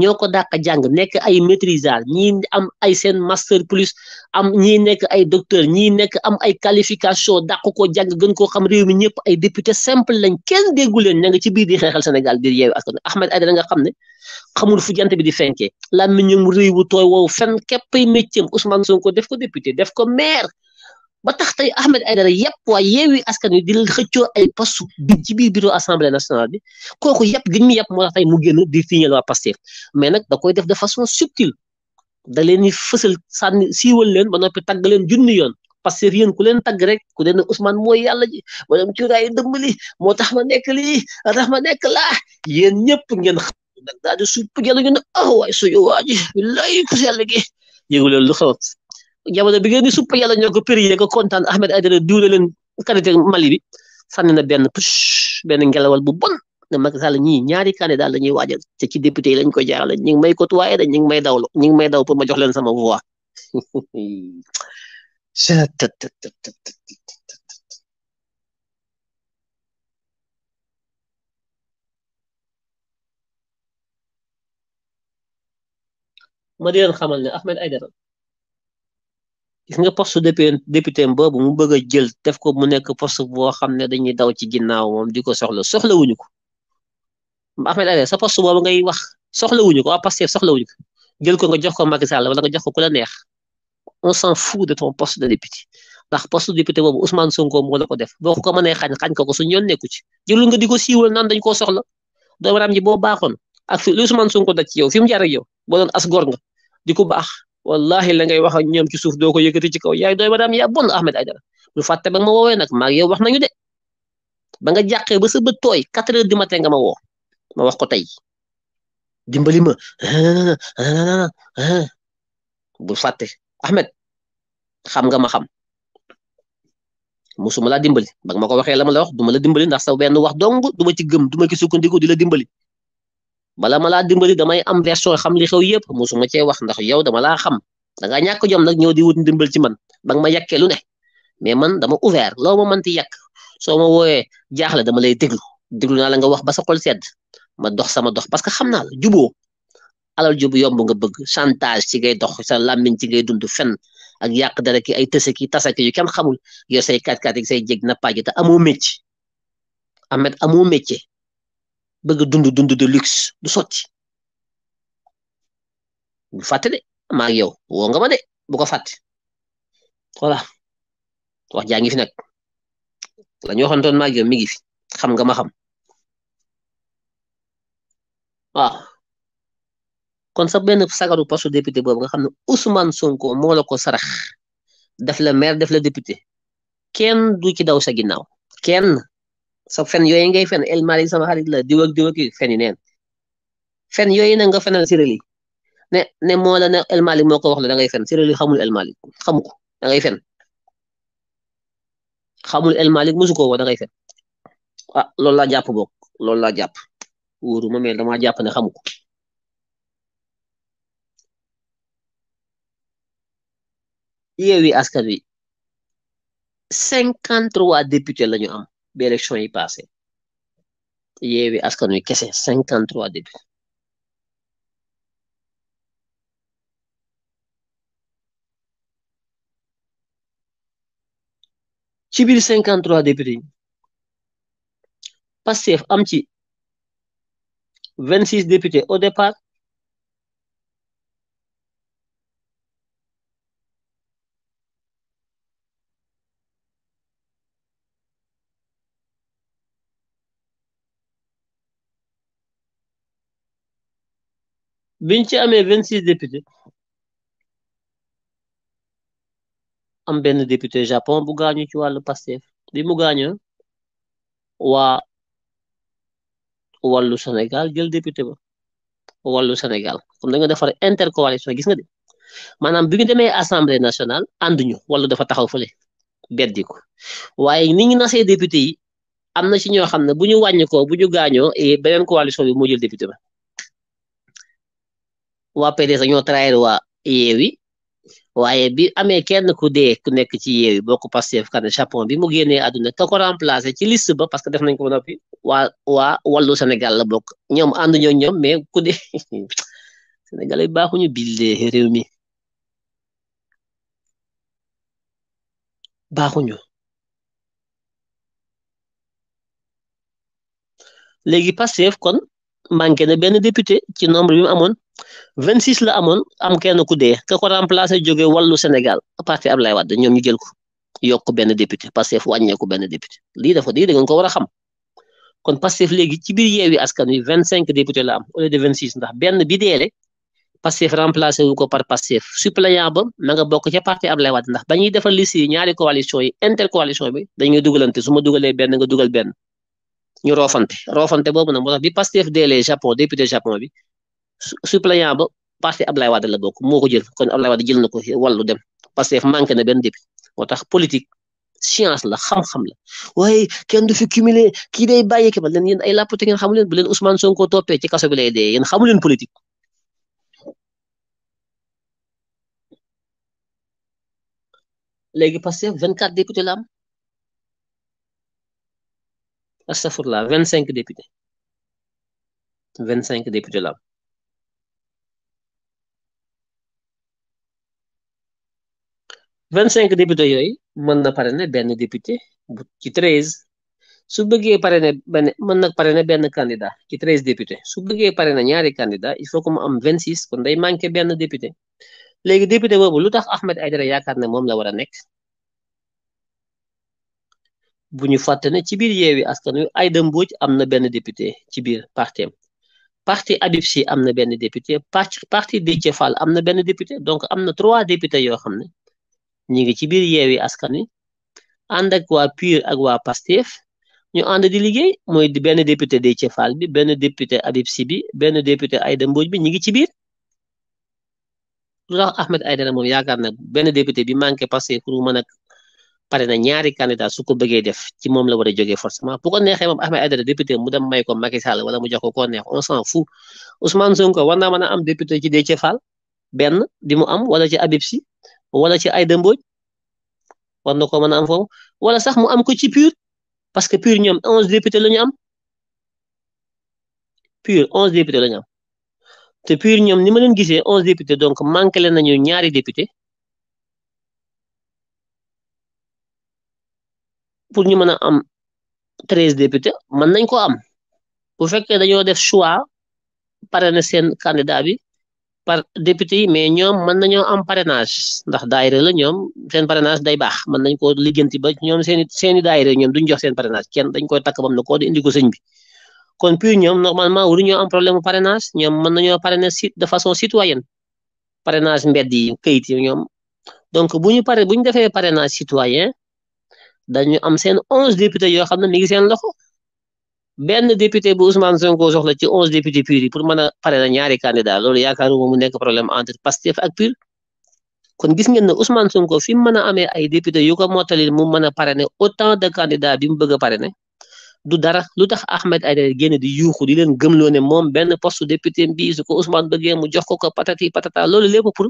ñoo ko dàq jàng nekk ay maîtrisards ñii am ay seen master plus am ñii nekk ay docteur ñii nekk am ay qualification dàq ko jàng gën koo xam réew mi ñëpp ay député simple lañ kenn déggu leen na nga ci biir di xeexal Sénégal biir yeewu askan Ahmed Aïdara nga xam ne xamul fu jant bi di fenkee làmmiñ mu réew bu tooy wow fen képpay métier Ousmane Sonko def ko député def ko maire ba tax tey Ahmed Aidara yëpp waa yeewi askan wi di xëccoo ay poste bi ci biir bureau assemblée nationale bi kooku yëpp gi ñu yëpp moo tax tey mu génn di tiñal waa Pastef mais nag da koy def de façon subtile da leen di fësal sànni siiwal leen ba noppi tagg leen junni yoon Pastef yéen ku leen tagg rek ku leen ne Ousmane mooy yàlla ji wala mu cuuraayu dëmm li moo tax ma nekk lii tax ma nekk laa yéen ñëpp ngeen xam nag daal di suuf jëloon ñu ne oh waaye suñu waa ji lay ku sell gi yëgu leen lu xew jamono bi ngeen di suppa yalla ñoko ko ko contane Ahmed Aidara duule leen qualité Mali bi sànni na ben push ben ngelawal bu bon ne mak Sall ñi ñaari candidat la ñuy waajal ci ci député lañ ko jaral ñu ngi may côtoyé de ñu ngi may dawlo ñu ngi may daw pour ma jox leen sama voix ma di leen xamal ne Ahmed Aidara gis nga poste député boobu mu bëgg a jël def ko mu nekk poste boo xam ne dañuy daw ci ginnaaw moom di ko soxla soxlawuñu ko Ahmed Aidara sa poste boobu ngay wax soxlawuñu ko waa Pastef soxlawuñu ko jël ko nga jox ko Macky Sall wala nga jox ko ku la neex on s'en fout de ton poste de député ndax poste député boobu Ousmane Sonko moo la ko def boo ko mënee xañ xañ ko ko suñu yoon nekku ci jëlul nga di ko siiwal naan dañ koo soxla doomu raam ji boo baaxoon ak fi Ousmane Sonko daj ci yow fi mu jaar yow boo as góor di ko baax wallahi la ngay wax ak ñoom ci suuf doo ko yëkkati ci kaw yaay doy madame yaa bon Ahmed Aidara lu fàtte ba nga ma woowee nag maa ngi wax nañu de ba nga jàqee ba sa bët tooy quatre heures du matin nga ma woo ma wax ko tey dimbali ma bu fàtte Ahmed xam nga ma xam musuma laa dimbali ba nga ma ko waxee la ma la wax duma la dimbali ndax sa benn wax dong duma ci gëm duma ci sukkandiku di la dimbali bala mala dimbali damay am version xam li xew yépp musuma cey wax ndax yow dama la xam da nga ñak jom nak ñew di wut dimbal ci man dang ma yàkkee lu ne mais man dama ouvert loo ma mënti yak so ma woyé jaaxle dama lay déglu déglu na la nga wax ba sa xol sedd ma dox sama dox parce que xamna la alal jubu yomb nga bëgg chantage ci ngay dox sa lamine ci ngay dund fenn ak yak dara ki ay tëse ki tassa ki yu kenn xamul yo say kat kat ak say jég na pàjj te métier amet amu métier bëgg dund dund de luxe du sotti bu fàtte de maa ngi yow woo nga de bu ko fàtte voilà wax jaa ngi fi nag la ñu waxoon doon maa mi ngi fi xam nga ma xam waaw kon sa benn sagaru poste député boobu nga xam ne Ousmane Sonko moo la ko sarax daf la maire daf la député kenn du ci daw sa ginnaaw sa fen yoy ngay fen El mari sama xarit la diw ak diw ak fen yu fen yoy na nga fenal ne ne mo la ne El mari moko wax la da ngay fen Siré xamul El mari xamuko da ngay fen xamul El mari musuko wa da ngay fen wa ah, lol la japp bok lol la japp wóoru ma mel dama japp ne xamuko yewi askan wi cinquante députés la am bi élection yi passé Yewwi Askan Wi kese cinquante trois députés ci biir cinquante trois députés yi Pastef am ci vingt six députés au départ biñ ci amee vingt six député am benn député Japon bu gaañu ci wàllu Pastef bi mu gaañoo waa wàllu Sénégal jël député ba wàllu Sénégal comme da nga defar intercoalition gis nga de maanaam bi ñu demee assemblée nationale ànduñu wàllu dafa taxaw fële beddi ko waaye ni ñu nasee député yi am na ci ñoo xam ne bu ñu wàññi ko bu ñu gaañoo eh, beneen coalition bi moo jël député ba. waa PDS dañoo trahir waa Yewwi waaye bi amee kenn ku dee ku nekk ci Yewwi bokk Pastef kan Japon bi mu génnee àdduna ka ko remplacé ci list ba parce que def nañ ko ba noppi waa waa wàllu Sénégal la bokk ñoom ànduñoo ñoom mais ku dee Sénégalais baaxuñu bildee réew mi baaxuñu léegi Pastef kon manqué na benn député ci nombre bi mu amoon. vingt six la amoon am kenn ku dee ka ko remplacé jóge wàllu Sénégal parti Ablaye Wade ñoom ñu jël ko yokk benn député Pastef wàññeeku benn député lii dafa lii da ngeen xam kon Pastef léegi ci biir yeewi askan wi vingt cinq député la am au lieu de vingt six ndax benn bi deele Pastef remplacé wu ko par Pastef suppléant ba ma nga bokk ca parti Ablaye Wade ndax ba ñuy defar ñaari coalition yi intercoalition bi dañuy dugalante su ma benn nga dugal benn ñu suppléant ba parti Ablaye Wade la bokk moo ko jël kon Ablaye Wade jël na ko wàllu dem Pastef manqué na benn député moo tax politique science la xam-xam la waaye kenn du fi cumuler kii day bàyyi kebal leen yéen ay lappate ngeen xamu leen bu leen Ousmane Sonko toppee ci kaso bi lay dee yéen xamu leen politique. léegi vingt quatre député la am astafurla vingt cinq député vingt cinq la vingt cinq député yooyu mën na na benn député bu ci treize su bëggee na benn mën na pare parrainer benn candidat ci treize député su bëggee parrainer ñaari candida il faut que mu am vingt six kon day manqué benn député léegi député boobu lu tax Ahmed Aïdara yaakaar na moom la war a nekk bu ñu fàtte ne ci biir Yewwi Askan Wi Aïda Mbodj am na benn député ci biir partem parti Habib Sy am na benn député parti parti Déthié Fall am na benn député donc am na trois députés yoo xam ne ñi ngi ci biir yeewi askan wi ànd ak waa PUR ak waa PASTEF ñu ànd di liggéey mooy benn député Déthié Fall bi benn député Habib Sy bi benn député Aïda Mbodj bi ñi ngi ci biir lu tax Ahmed Aïdara moom yaakaar na benn député bi manqué passé pour mu a pare na ñaari candidat su ko bëggee def ci moom la war a jógee forcément bu ko neexee moom Ahmed Aïdara député mu dem may ko Macky Sall wala mu jox ko koo neex on s'en fout Ousmane Sonko war naa mën a am député ci Déthié Fall benn di mu am wala ci Habib Sy wala ci ay dëmbooj war na ko mën a am foofu wala sax mu am ko ci pur parce que pur ñoom onze député lañu am pur onze député la am te pur ñoom ni ma leen gisee onze député donc manqué leen nañu ñaari député pour ñu mën a am treize député mën nañ ko am bu fekkee dañoo def choix pare na seen candidat bi par député yi mais ñoom mën nañoo am parrainage ndax daayira la ñoom seen parrainage day baax mën nañ koo liggéenti ba ñoom seen seeni daayira ñoom duñ jox seen parrainage kenn dañ koy takk bam na koo di indi ko sëñ bi kon puis ñoom normalement wuñu waruñoo am problème parrainage ñoom mën nañoo parrainer si de façon citoyenne parrainage mbedd yi kayit yi ñoom donc bu ñu pare bu ñu defee parrainage citoyen dañu am seen 11 député yoo xam ne mi ngi seen loxo benn député bu Ousmane Sonko soxla ci onze député pur yi pour mën a pare la ñaari candidat loolu yaakaaruma mu nekk problème entre Pastef ak pur kon gis ngeen ne Ousmane Sonko fi mu mën a amee ay député yu ko mottali mu mën a parrainer autant de candidats bi mu bëgg a parrainer du dara lu tax Ahmed Aïdara génn di yuuxu di leen gëmloo ne moom benn poste député bi su ko Ousmane bëggee mu jox ko ko patati patata loolu lépp pour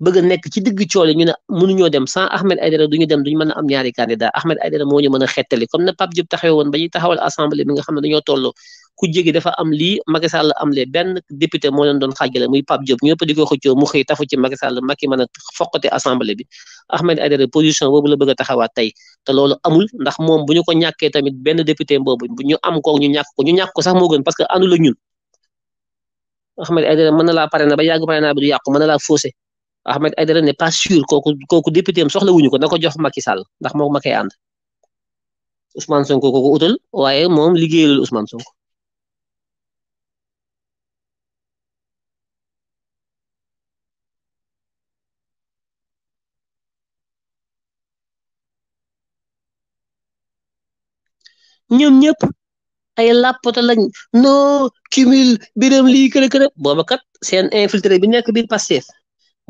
bëgg a nekk ci digg coole ñu ne mënuñoo dem sans Ahmed Aïdara duñu dem duñu mën a am ñaari candidat Ahmed Aïdara moo ñu a xettali comme na Pape Diop taxawee woon ba ñuy taxawal assemblée bi nga am lii Macky moo leen doon xaajale muy Pape Diop ñëpp di ko xëccoo mu xëy tafu ci a Ahmed Aïdara position boobu la bëgg a taxawaat tey te loolu amul ndax moom bu ñu ko ñàkkee tamit benn député boobu bu ñu am ko ñu ñàkk ko ñu ñàkk ko sax moo parce que àndul la ñun Ahmed Aïdara mën a laa pare na ba yàgg pare naa bi du yàqu mën Ahmed Aïdara n'est pas sûr kooku kooku député am soxla wuñu ko na ko jox Macky Sall ndax moo ma koy ànd Ousmane Sonko kooku utal waaye moom liggéeyalul Ousmane Sonko ñoom ñëpp ay làppata lañ no cumul biram lii kërë kërë booba seen infiltré bi nekk biir Pastef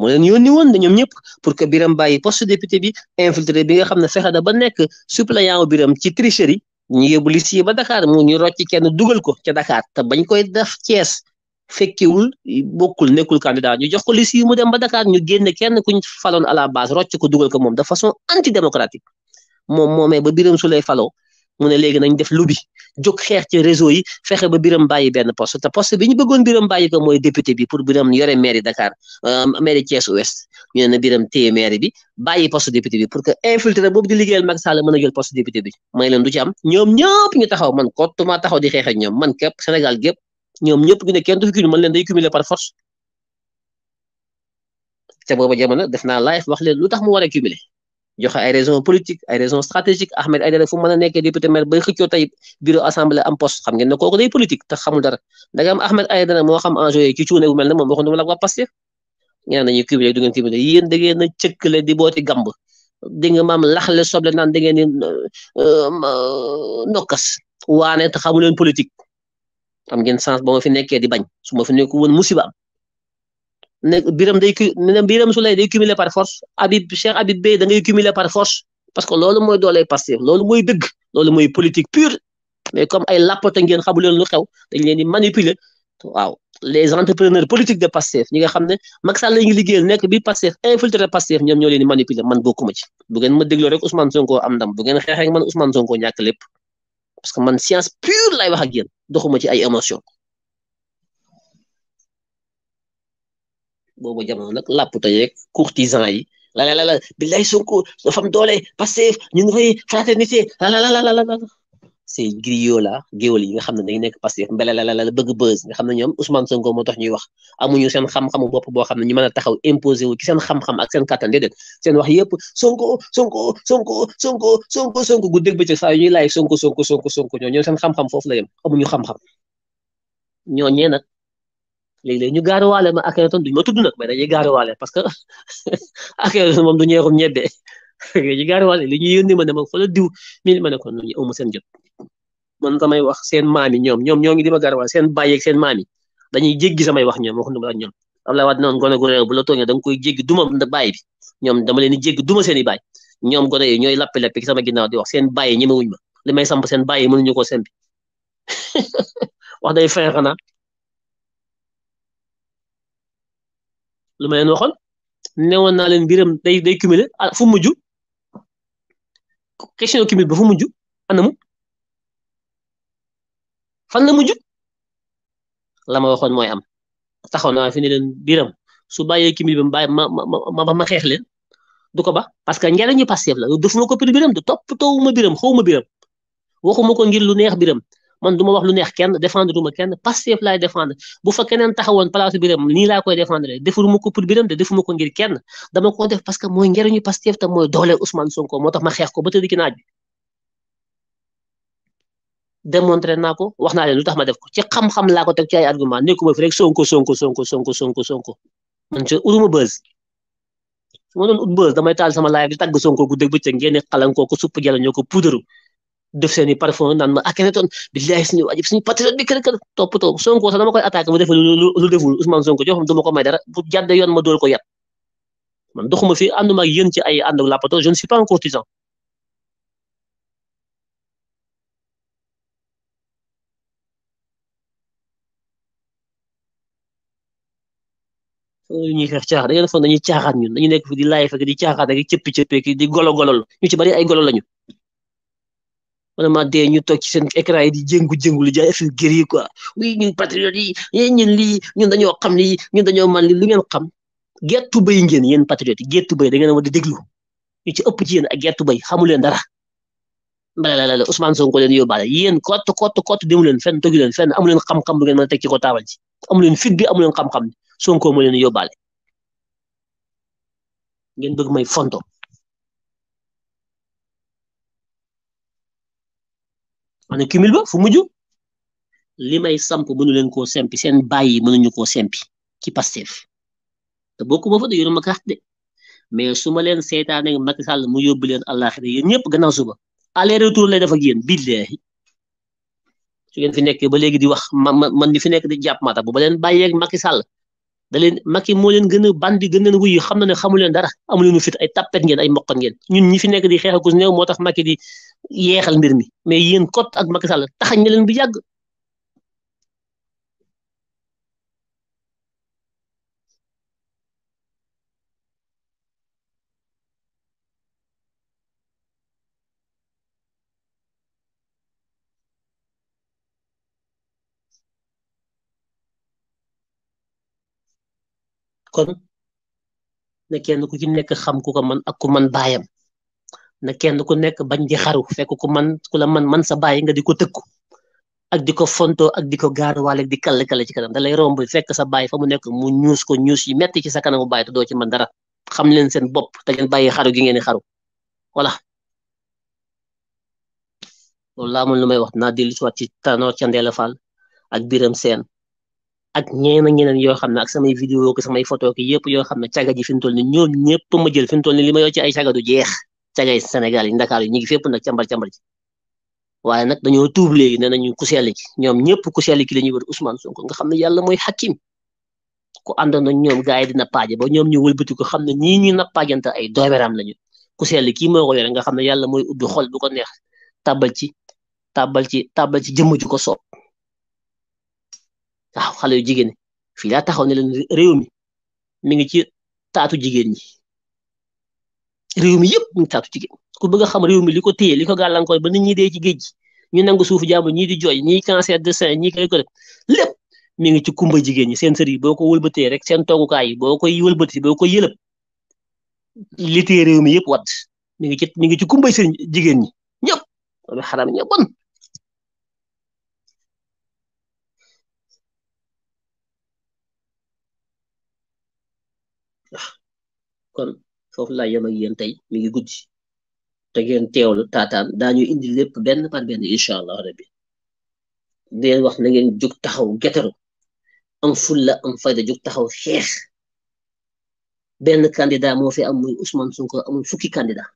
mu leen yónni woon ñoom ñëpp pour que Birame bàyyi poste député bi infiltré bi nga xam ne fexe da ba nekk suppléant Birame ci tricherie ñu yóbbu liste yi ba Dakar mu ñu rocc kenn dugal ko ca Dakar te bañ koy def Thiès fekkiwul bokkul nekkul candidat ñu jox ko liste yi mu dem ba Dakar ñu génne kenn kuñ faloon à la base rocc ko dugal ko moom de façon antidémocratique moom moomee ba Birame su lay faloo mu ne léegi nañ def lobby jóg xeex ci réseau yi fexe ba biram bàyyi benn poste te poste bi ñu bëggoon biram bàyyi ko mooy député bi pour biram yore mairie Dakar euh, mairie Thiès Ouest ñu ne na biram téye mairie bi bàyyi poste député bi pour que infiltré boobu di liggéeyal Macky Sall mën a jël poste député bi may leen du ci ñoom ñëpp ñu taxaw man kottuma taxaw di xeex ak ñoom man képp Sénégal gépp ñoom ñëpp ñu ne kenn du fi cumul mën leen day cumuler par force te booba jamono def naa live wax leen lu tax mu war a cumuler joxe ay raisons politiques ay raisons stratégiques Ahmed Aïdara fu mën a nekkee député maire bay xëccoo tey bureau assemblée am poste xam ngeen ne kooku day politique te xamul dara da Ahmed Aïdara moo xam enjeu yi ci cuune bu mel ne moom waxoon na la waa Pastef ñaan nañu cumulé du ngeen cumulé yéen da ngeen a cëkkale di booti gàmb di nga maam laxle euh, euh, te xamu leen politique am ngeen sens ba fi nekkee di bañ su ma fi nekku woon musiba am ne biram day biram su lay day cumuler par force Habib Cheikh Habib Beye da ngay cumuler par force parce que loolu mooy dooley Pastef loolu mooy dëgg loolu mooy politique pure mais comme ay lappata ngeen xamu leen lu xew dañ leen di manipuler waaw les entrepreneurs politiques de Pastef ñi nga xam ne Macky Sall la ñu liggéeyal nekk bi Pastef infiltré Pastef ñoom ñoo leen manipuler man bokkuma ci bu ma dégloo rek Ousmane Sonko am ndam bu ngeen xeexee man Ousmane Sonko que man science pure lay wax ak yéen doxuma ci ay boobu jamono nag làppta yeeg courtisan yi la la la billaay Sonko dafa am doole Pastef ñun rëy fraternité la la la la la ces griots là géwél yi nga xam ne dañu nekk Pastef mbele la la bëgg buzz ne ñoom Ousmane Sonko moo tax ñuy wax amuñu seen xam boo xam ne ñu mën a taxaw imposé wu ci seen xam-xam ak seen kàttan seen wax yëpp Sonko Sonko Sonko Sonko Sonko Sonko guddeeg bëccëg saa yu ñuy laaj Sonko Sonko Sonko Sonko ñoo ñoom seen xam-xam foofu la yem amuñu xam-xam ñoo ñee nag léeg-léeg ñu gaaruwaale a Akhenaton duñ ma tudd nag mais dañuy gaaruwaale parce que Akhenaton moom du ñeexum ñebe dañuy gaaruwaale li ñuy yónni ma ne ma fa la diw mi ma ne kon ñu amu seen jot man damay wax seen maam yi ñoom ñoom ñoo ngi di ma gaaruwaale seen seen maam yi dañuy jéggi samay wax ñoom waxuñu ma ak ñoom Abdoulaye Wade noonu gone gu réew bu la toogee da nga koy jéggi duma bàyyi bi ñoom dama leen di jéggi duma seen i bàyyi ñoom gone yi ñooy lappi-lappi sama ginnaaw di wax seen bàyyi ñemewuñ ma li may samp seen bàyyi mënuñu ko sempi wax day fin xanaa lu ma leen waxoon newoon naa leen mbiram day day cumuler ah, fu mujj question cumul ba fu mujj anamu fan la mujj la ma waxoon mooy am taxaw naa fi ne leen biram su bàyyee cumul ba mu bàyyi ma ma ma ma xeex leen du ko ba parce que njariñu Pastef la defuma ko pour biram du toppatoo ma biram xaw ma biram waxuma ko ngir lu neex biram man duma wax lu neex kenn défendre duma kenn Pastef laay défendre bu fa keneen taxawoon place biram nii laa koy défendre defuma ko pour biram de defuma ko ngir kenn dama ko def parce que mooy njëriñu Pastef te mooy doole Ousmane Sonko moo tax ma xeex ko ba tëdd ci naaj bi démontré naa ko wax naa leen lu tax ma def ko ci xam-xam laa ko teg ci ay argument nekkuma fi rek Sonko Sonko Sonko Sonko Sonko man ci uruma bës su ma doon ut bës damay taal sama laay bi tàgg Sonko guddeeg bëccëg ngeen ne xalankoo ko supp jalañoo ko puudaru def seen par parfum naan ma Akhenaton ah, billahi suñu wajib suñu patriote bi kër kër toppatoo Sonko sax dama koy attaqué mu def lu lu deful Ousmane Sonko jox xam duma ko may dara bu jàddee yoon ma dóor ko yat man doxuma fi ànduma ak yéen ci ay ànd ak lapato je ne suis pas un courtisan ñuy xeex caaxaan da ngeen foog dañuy nekk fi di laay fekk di caaxaan ak di cëppi di golo golol ñu ci bari ay golo lañu vraiment dee ñu toog ci seen écran yi di jéngu jéngu lu jaay affaire guerre yi quoi oui ñun patriotes yi yéen ñun lii ñun dañoo xam lii ñun dañoo man li lu ngeen xam gertu bay ngeen yéen patriotes yi gertu bay da ngeen war di déglu ñu ci ëpp ci yéen ak gertu bay xamu leen dara mbalalala Ousmane Sonko leen yóbbaale yéen kott kott kott demu leen fenn togi leen fenn amu leen xam-xam bu ngeen mën a teg ci ko taabal ci leen fit bi amu leen xam-xam Sonko moo leen yóbbaale bëgg may fonto maanaam cumul ba fu mujj li may samp mënu leen koo sempi seen bàyyi mënuñu koo sempi ci Pastef te bokkuma fa de yoru ma kàtt de mais su ma leen seetaanee Macky Sall mu yóbbu leen àllaaxira yéen ñëpp gannaaw suba aller retour lay def ak yéen billahi su ngeen fi nekkee ba léegi di wax ma man di fi nekk di jàpp ma bu ba leen bàyyeeg Macky Sall da leen Macky moo leen gën a bandi gën leen wuyu xam na ne xamu leen dara amu leen fit ay tappet ngeen ay mboqat ngeen ñun ñi fi nekk di xeex ak ku moo tax Macky di. yeexal mbir mi mais yéen kot ak Macky Sall taxañ na leen bu yàgg kon ne kenn ku ci nekk xam ku ko man ak ku man na kenn ku nekk bañ di xaru fekk ku man ku la man man sa bàyyi nga di ko tëkku ak di ko fonto ak di ko gaaruwaale di kàll kàll ci kanam dalay lay romb fekk sa bàyyi fa mu nekk mu ñuus ko ñuus yi metti ci sa kanamu bàyyi te doo ci man dara xam leen seen bopp te ngeen bàyyi xaru gi ngeen di xaru voilà loolu laa amoon lu may wax naa dellu si waat ci Tanor Thiendella Fall ak biram seen ak ñeneen ñeneen yoo xam ne ak samay vidéo ko samay photo ki yépp yoo xam ne caga ji fi mu ni ñoom ñëpp ma jël fi mu toll ni li ma ci ay caga du jeex cagay Sénégal yi Ndakaar yi ñu ngi fépp nag càmbar càmbar ci waaye nag dañoo tuub léegi nee nañu ku sell ki ñoom ñëpp ku sell ki la ñuy wër Ousmane Sonko nga xam ne yàlla mooy xakim ku àndoon ak ñoom gaay yi di nappaaje ba ñoom ñu wëlbati ko xam ne ñii ñuy nappaajante ay dooberam lañu ku sell kii moo ko yore nga xam ne yàlla mooy ubbi xol ko neex tàbbal ci tàbbal ci tàbbal ci jëmm ju ko soob waaw xale jigéen fii laa taxaw ne leen réew mi mi ngi ci taatu jigéen ñi. réew mi ñu taatu jigéen ku bëgg a xam mi li ko téye li ko gàllankoor ba nit ñi dee ci géej gi ñu nangu suufu jàmbur ñii di jooy ñii cancer de sein ñii koy ko mi ngi ci kumba jigéen ñi seen sër yi boo ko wëlbatee rek seen toogukaay yi boo koy wëlbatee boo koy yëlëb réew mi yëpp wat mi ngi ci mi ngi ci kumba seen jigéen ñi ñëpp loolu xaram foofu laa yem ak yéen tey mi ngi guddi te ngeen teewlu taataan daañu indi lépp benn par benn incha allah rabbi di leen wax na ngeen jóg taxaw getaru am fulla am fayda jóg taxaw xeex benn candidat moo fi am muy Ousmane Sonko amul fukki candidat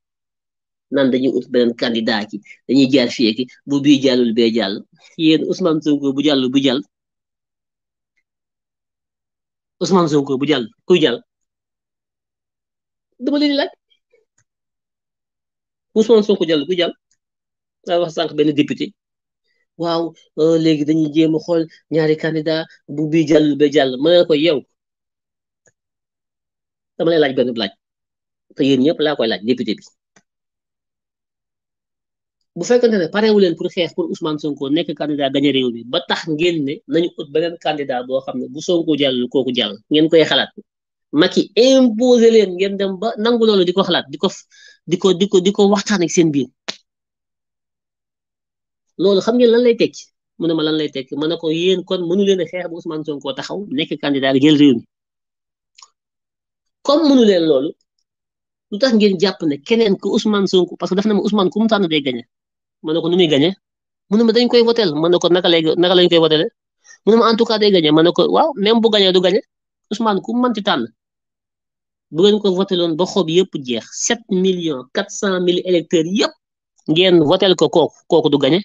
nan dañuy ut beneen candidat ki dañuy jaar fii ki bu bii jàllul bee jàll yéen usman Sonko bu jàll bu jàll Ousmane bu jàll kuy jàll. dama leen di laaj Ousmane Sonko jàll ku jàll wax sànq benn député waaw euh, léegi dañuy jéem a xool ñaari candidat bu bi jàll ba jàll ma ne ko yow dama lay laaj benn laaj te yéen ñëpp laa koy laaj député bi bu fekkante ne parewu leen pour xeex pour Ousmane Sonko nekk candidat gañe réew bi ba tax ngeen ne nañu ut beneen candidat boo xam ne bu Sonko jàll kooku jàll ngeen koy xalaat Macky imposé leen ngeen dem ba nangu loolu di ko xalaat di ko di ko di ko di ko waxtaan seen biir loolu xam ngeen lan lay tekki mu ne ma lan lay tekki ma ne ko yéen kon mënu leen a xeex ba Ousmane Sonko taxaw nekk candidat bi jël réew mi comme mënu leen loolu tax ngeen jàpp ne keneen ku Ousmane Sonko parce que daf na ma Ousmane ku mu tànn day gañe ma ne ko nu muy gañe ma dañ koy votel ma ne ko naka lay naka lañ koy votele mu ne ma en tout cas day gañe ma ne ko waaw même bu gañe du gañe Ousmane ku mu mënti tànn bu ngeen ko voté ba xob yëpp jeex sept millions quatre cent mille électeurs yëpp ngeen votel ko kooku kooku du gañe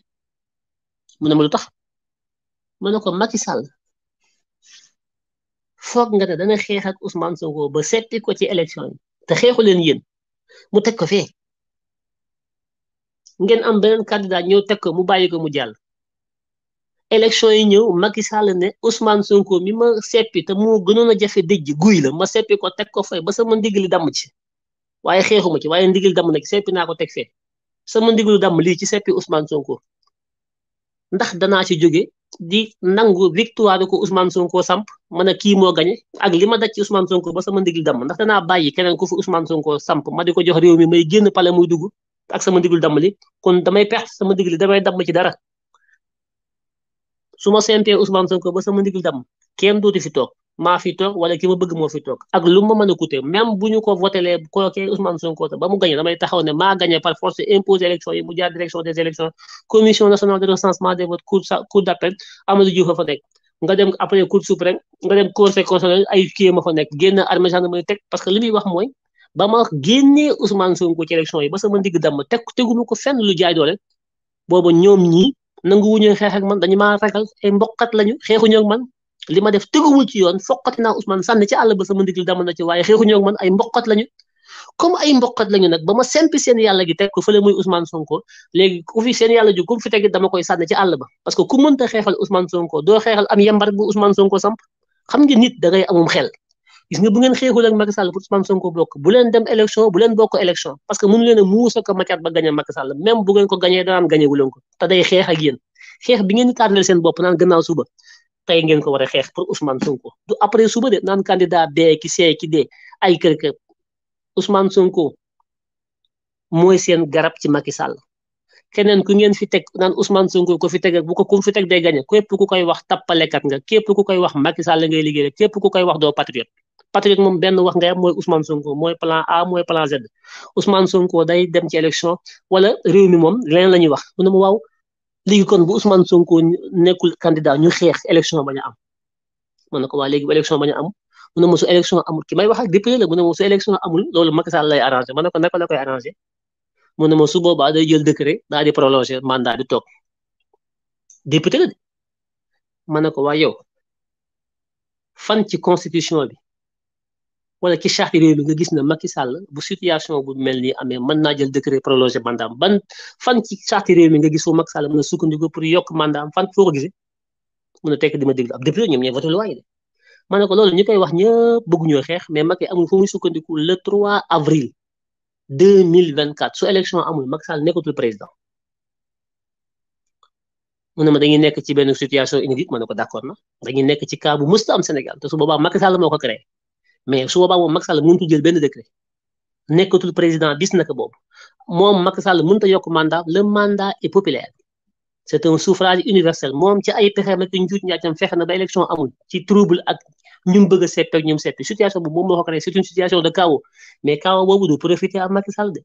mu ne ma lu tax mu ne ko Macky Sall foog nga ne dana xeex ak Ousmane ba setti ko ci élection yi te xeexu leen yéen mu teg ko fee ngeen am beneen candidat ñëw teg ko mu bàyyi ko mu jàll élection yi ñëw Macky Sall ne Ousmane Sonko mi ma seppi te moo gënoon a jafe dëjj guy la ma seppi ko teg ko fay ba sama ndigal damm ci waaye xeexuma ci waaye ndigal damm nag seppi naa ko teg fee sama ndigalu damm lii ci seppi Ousmane Sonko ndax danaa ci jóge di nangu victoire ko Ousmane Sonko samp kii moo gañe ak li ma daj ci Ousmane Sonko ba sama ndigal damm ndax danaa bàyyi keneen ku fi Ousmane Sonko samp ma di ko jox réew mi may génn pale muy dugg ak sama ndigalu damm li kon damay perte sama ndigal damay dam ci dara. su ma séntee Ousmane Sonko ba sama ndigil dam kenn dootu fi toog maa fi toog wala ki ma bëgg moo fi toog ak lu ma mën a coûter même bu ñu ko votelee kookee Ousmane Sonko ba mu gagné damay taxaw ne maa gagné par force imposé élection yi mu jaar direction des élections commission nationale de recensement des votes cour d'appel Amadou Diouf a fa nekk nga dem après cour suprême nga dem conseil constitutionnel ay kii ma fa nekk génn armée gendarmerie teg parce que li ba ma génnee Ousmane Sonko ci yi ba sama ndigg damm teg ko fenn lu jaay doole booba nangu wuñu xeex ak man dañu maa ragal ay mboqat lañu xeexuñu ak man li ma def teguwul ci yoon foqati naa Ousmane sànni ci àll ba sama ndigli dama na ci waaye xeexuñu ak man ay mboqat lañu comme ay mboqat lañu nag ba ma sempi seen yàlla gi teg ko fële muy Ousmane Sonko léegi ku fi seen yàlla ji ku fi tegit dama koy sànni ci àll ba parce que ku mënta xeexal Ousmane Sonko doo xeexal am yembar bu Ousmane Sonko samp xam nga nit da ngay amum xel gis nga bu ngeen xeexul ak Macky Sall pour Ousmane Sonko bokk bu leen dem élection bu bokk élection parce que mënu leen a muusa ko macaat ba gañe Macky Sall même bu ngeen ko gañee danaan gañe wu leen day xeex ak yéen xeex bi ngeen di tànnal seen bopp naan gannaaw suba tey ngeen ko war a xeex pour Ousmane Sonko du après suba de naan candidat bee ki see ki dee ay kër kër Sonko mooy seen garab ci Macky Sall keneen ku ngeen fi teg naan Ousmane Sonko ko fi teg bu ko ku fi teg day gañe képp ku koy wax tappalekat nga képp ku koy wax Macky Sall ngay liggéey képp ku koy wax doo patriote patriote moom benn wax nga am mooy Ousmane Sonko mooy plan A mooy plan Z Ousmane Sonko day dem ci élection wala réew mi moom leneen la ñuy wax mu ne ma waaw léegi kon bu Ousmane Sonko nekkul candidat ñu xeex élection bañ a am man ne ko waa léegi bu élection bañ am mu ne ma su élection amul ki may wax ak député la mu ne ma su élection amul loolu Macky Sall lay arrangé ma ne ko naka la koy arrangé mu ne ma su boobaa day jël décret daal di prolongé mandat di toog député la de ma ne ko waa yow fan ci constitution bi. wala ci charte réew mi nga gis na Macky Sall bu situation bu mel nii amee mën naa jël décret prolongé mandam ban fan ci charte réew mi nga gis foo Macky Sall a sukkandiku pour yokk mandam fan foo ko gisee mën a tekk di ma déglu ab député ñoom ñooy voté loi de ma ne ko loolu ñu koy wax ñëpp bëgguñoo xeex mais Macky amul fu muy sukkandiku le 3 avril 2024 su élection amul Macky Sall nekkatul président mu a ma dañuy nekk ci benn situation inédite ma ne ko d'accord na dañuy nekk ci cas bu mësta am Sénégal te su boobaa Macky Sall moo ko créé mais su boobaa moom Macky Sall mënut jël benn décret nekkatul président bis naka boobu moom Macky Sall mënut a yokk mandat le mandat est populaire c' est un suffrage universel moom ci ay pexe nag njuut ñaajam fexe na ba élection amul ci trouble ak ñu bëgg a seppi ak ñu seppi situation boobu moom moo ko créé c' situation de chaos mais chaos boobu du profiter ak Macky Sall de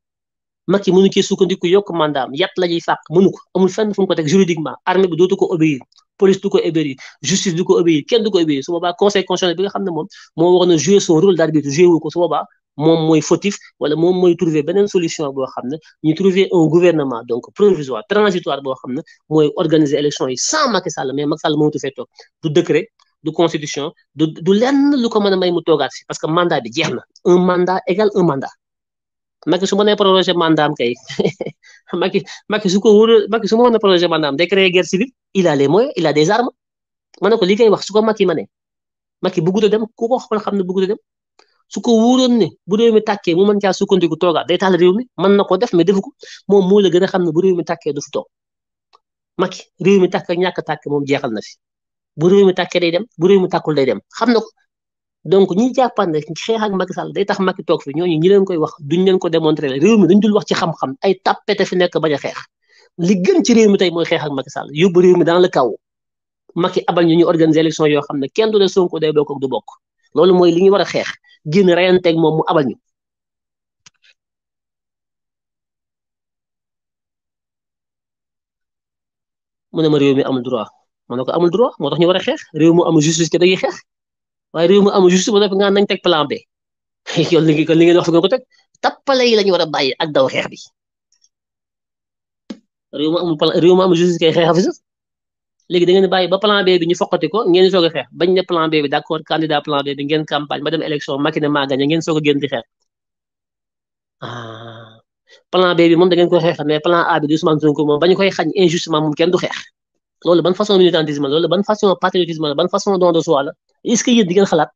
Macky mënu cee sukkandiku yokk mandat am la ñuy fàq mënu ko amul fenn fu mu ko teg juridiquement armée bi dootu ko obéir. police du ko obéir justice du ko obéir kenn du ko obéir su boobaa conseil constitutionnel bi nga xam ne moom moo waroon a jouer son rôle d'arbitre jouer wu ko su boobaa moom mooy fautif wala moom mooy trouver beneen solution boo xam ne ñu trouver un gouvernement donc provisoire transitoire boo xam ne mooy organiser élection yi sans Macky Sall mais Macky Sall moomutu fait toog du décret du constitution du du lenn lu ko mën a may mu toogaat si parce que mandat bi jeex na un mandat égal un mandat Macky su ma nee prolonger mandaam kay Macky Macky su ko wóor Macky su ma nee prolonger mandaam day créer guerre civile il a les ila il a des armes ma ne ko li ngay wax su ko Macky ma ne Macky bëggut a dem ku ko xool xam ne bëggut a dem su ko wóoroon ne bu réew mi tàkkee mu mën caa sukkandiku toogaat day taal réew mi mën na ko def me defu ko moom moo la gën a xam ne bu réew mi tàkkee du fi toog Macky réew mi tàkk ñàkk tàkk moom jeexal na fi bu réew mi tàkkee day dem bu réew mi tàkkul day dem xam na ko donc ñi jàppande xeex ak Macky day tax Macky toog fi ñooñu ñi leen koy wax duñ leen ko démontrer réew mi dañ dul wax ci xam-xam ay tappete fi nekk bañ a xeex li ci réew mi tey mooy xeex ak Macky Sall yóbbu réew mi dans le chaos Macky abal ñu ñu organiser élection yoo xam ne kenn du ne Sonko day bokk ak du bokk loolu mooy li ñu war a xeex génn reyanteeg moom mu abal ñu mu ne ma réew mi amul droit ma ne ko amul droit moo tax ñu war a xeex réew mu amul justice te dañuy xeex waaye réew mi amul juste ba noppi nga nañ teg plan B yoon li kon li ngeen ko teg tappale la ñu war bàyyi ak daw xeex bi réew mi amul plan réew mi amul justice kay xeex fi sax léegi da ngeen bàyyi ba plan B ñu foqati ko ngeen soog a xeex bañ ne plan B bi d'accord plan B bi ngeen campagne ba dem élection Macky ne maa gagné ngeen soog a génn di xeex ah ko xeex mais plan A bi di Ousmane Sonko bañ koy xañ injustement moom kenn du xeex loolu ban façon militantisme la loolu ban façon patriotisme ban façon don de soi la est ce que yéen di ngeen xalaat.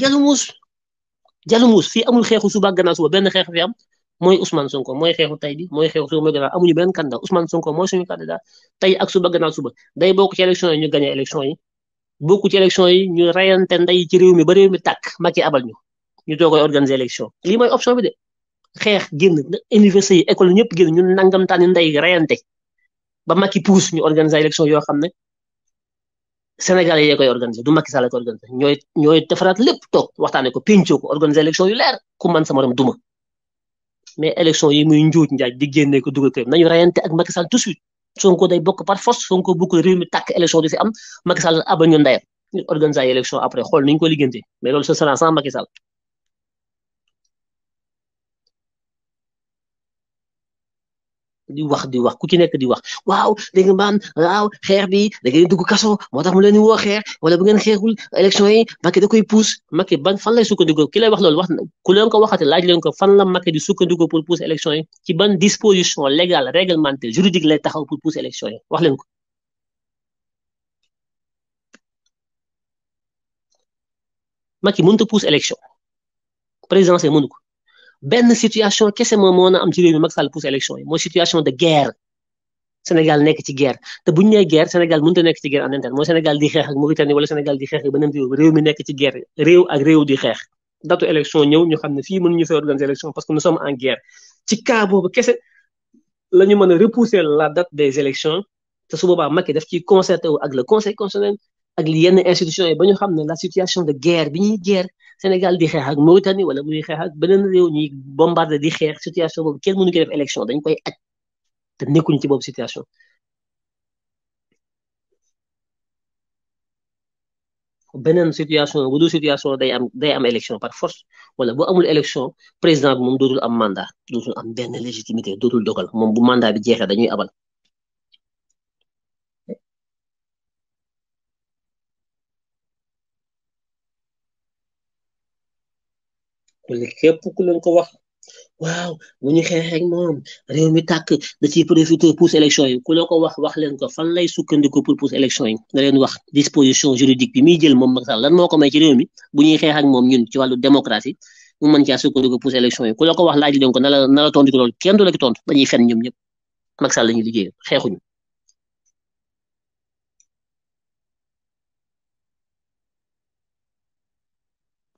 Jalumuus Jalumuus fii amul xeexu suba ak gannaaw suba benn xeex fi am mooy Ousmane Sonko mooy xeexu tey bi mooy xeexu suba mooy gannaaw amuñu benn candidat Ousmane Sonko mooy suñu candidat tey ak suba gannaaw suba day bokk ci élection yi ñu gagné élection yi bokk ci élection yi ñu reyante ndey ci réew mi ba réew mi tàkk Macky abal ñu ñu doog koy élection lii mooy option bi de. xeex génn université yi école ñëpp génn ñun nangam taani ndey reyante ba Macky pousse ñu organiser élection yoo xam ne Sénégalais yee koy organiser du Macky Sall koy organiser ñooy ñooy defaraat lépp toog waxtaanee ko pencoo ko organiser élection yu leer man sama rom duma mais élection yi muy njuuj njaaj di génne ko dugal ko nañu reyante ak Macky Sall Sonko day bokk par force Sonko bu ko réew mi tàkk élection du fi am Macky Sall aba ñu ndeyam ñu organiser élection après xool ni ñu ko liggéeyante mais loolu ce sera sans Macky di wax di wax ku ci nekk di wax waaw da nga baan waaw xeex bi da ngeen dugg kaso moo tax mu leen di woo xeex wala bu ngeen xeexul élection yi Macky da koy pousse Macky ban fan lay sukkandiku ki lay wax loolu wax ku leen ko waxate laaj leen ko fan la Macky di sukkandiku pour pousse élection yi ci ban disposition légale réglementaire juridique lay taxaw pour pousse élection yi wax leen ko Macky mënut a pousse élection présidentielle mënu benn situation kese moom moo am ci réew mi Macky Sall pousse élection yi mooy situation de guerre Sénégal nekk ci guerre te bu ñu nee guerre Sénégal mënut a nekk ci guerre en interne mooy Sénégal di xeex ak Mauritanie wala Sénégal di xeex ak beneen réew réew mi nekk ci guerre réew ak réew di xeex datu élection ñëw ñu xam ne fii mënuñu fee organiser élection parce que nous sommes en guerre ci cas boobu kese la ñu mën a repousser la date des élections su boobaa Macky daf ciy concerté wu ak le conseil constitutionnel ak yenn institutions yi ba ñu xam ne la situation de guerre bi ñuy guerre Sénégal di xeex ak Mauritanie wala muy xeex ak beneen réew ñuy bombardé di xeex situation boobu kenn mënu ko def élection dañ koy aj te nekkuñ ci boobu situation beneen situation bu dul situation day am day am élection par force wala bu amul élection président bi moom dootul am mandat dootul am benn légitimité dootul dogal moom bu mandat bi jeexee dañuy abal képp ku leen ko wax waaw bu ñu xeexee ak moom mi tàkk da ciy profité pousse élection yi ku la ko wax leen ko fan lay sukkandiku pour pousse élection yi da leen wax disposition juridique bi muy jël moom Macky Sall lan moo ko may ci réew mi bu ñuy xeex ak moom ci wàllu démocratie mu mën pousse élection yi ku la ko wax laaj leen ko na la na la tontu ko loolu kenn du la ko fen ñoom ñëpp Macky Sall liggéey xeexuñu.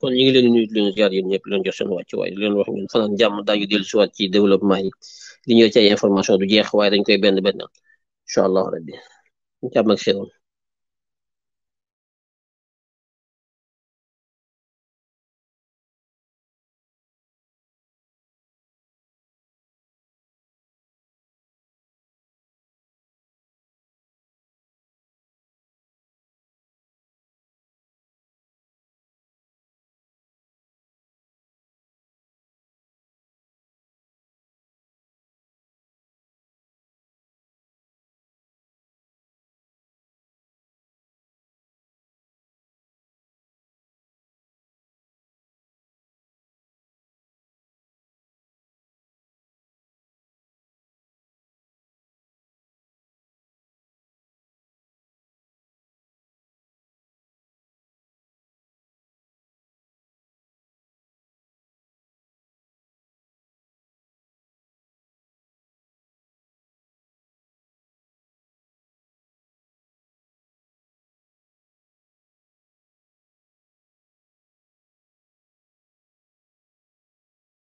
kon ñu ngi leen di nuyu di leen ziar yéen ñëpp leen jox seen wàccuwaay di leen wax ngeen fanaan jàmm daañu dellu siwaat ci développement yi li ñëw ci ay information du jeex waaye koy benn benn incha allah rabbi jàmm ak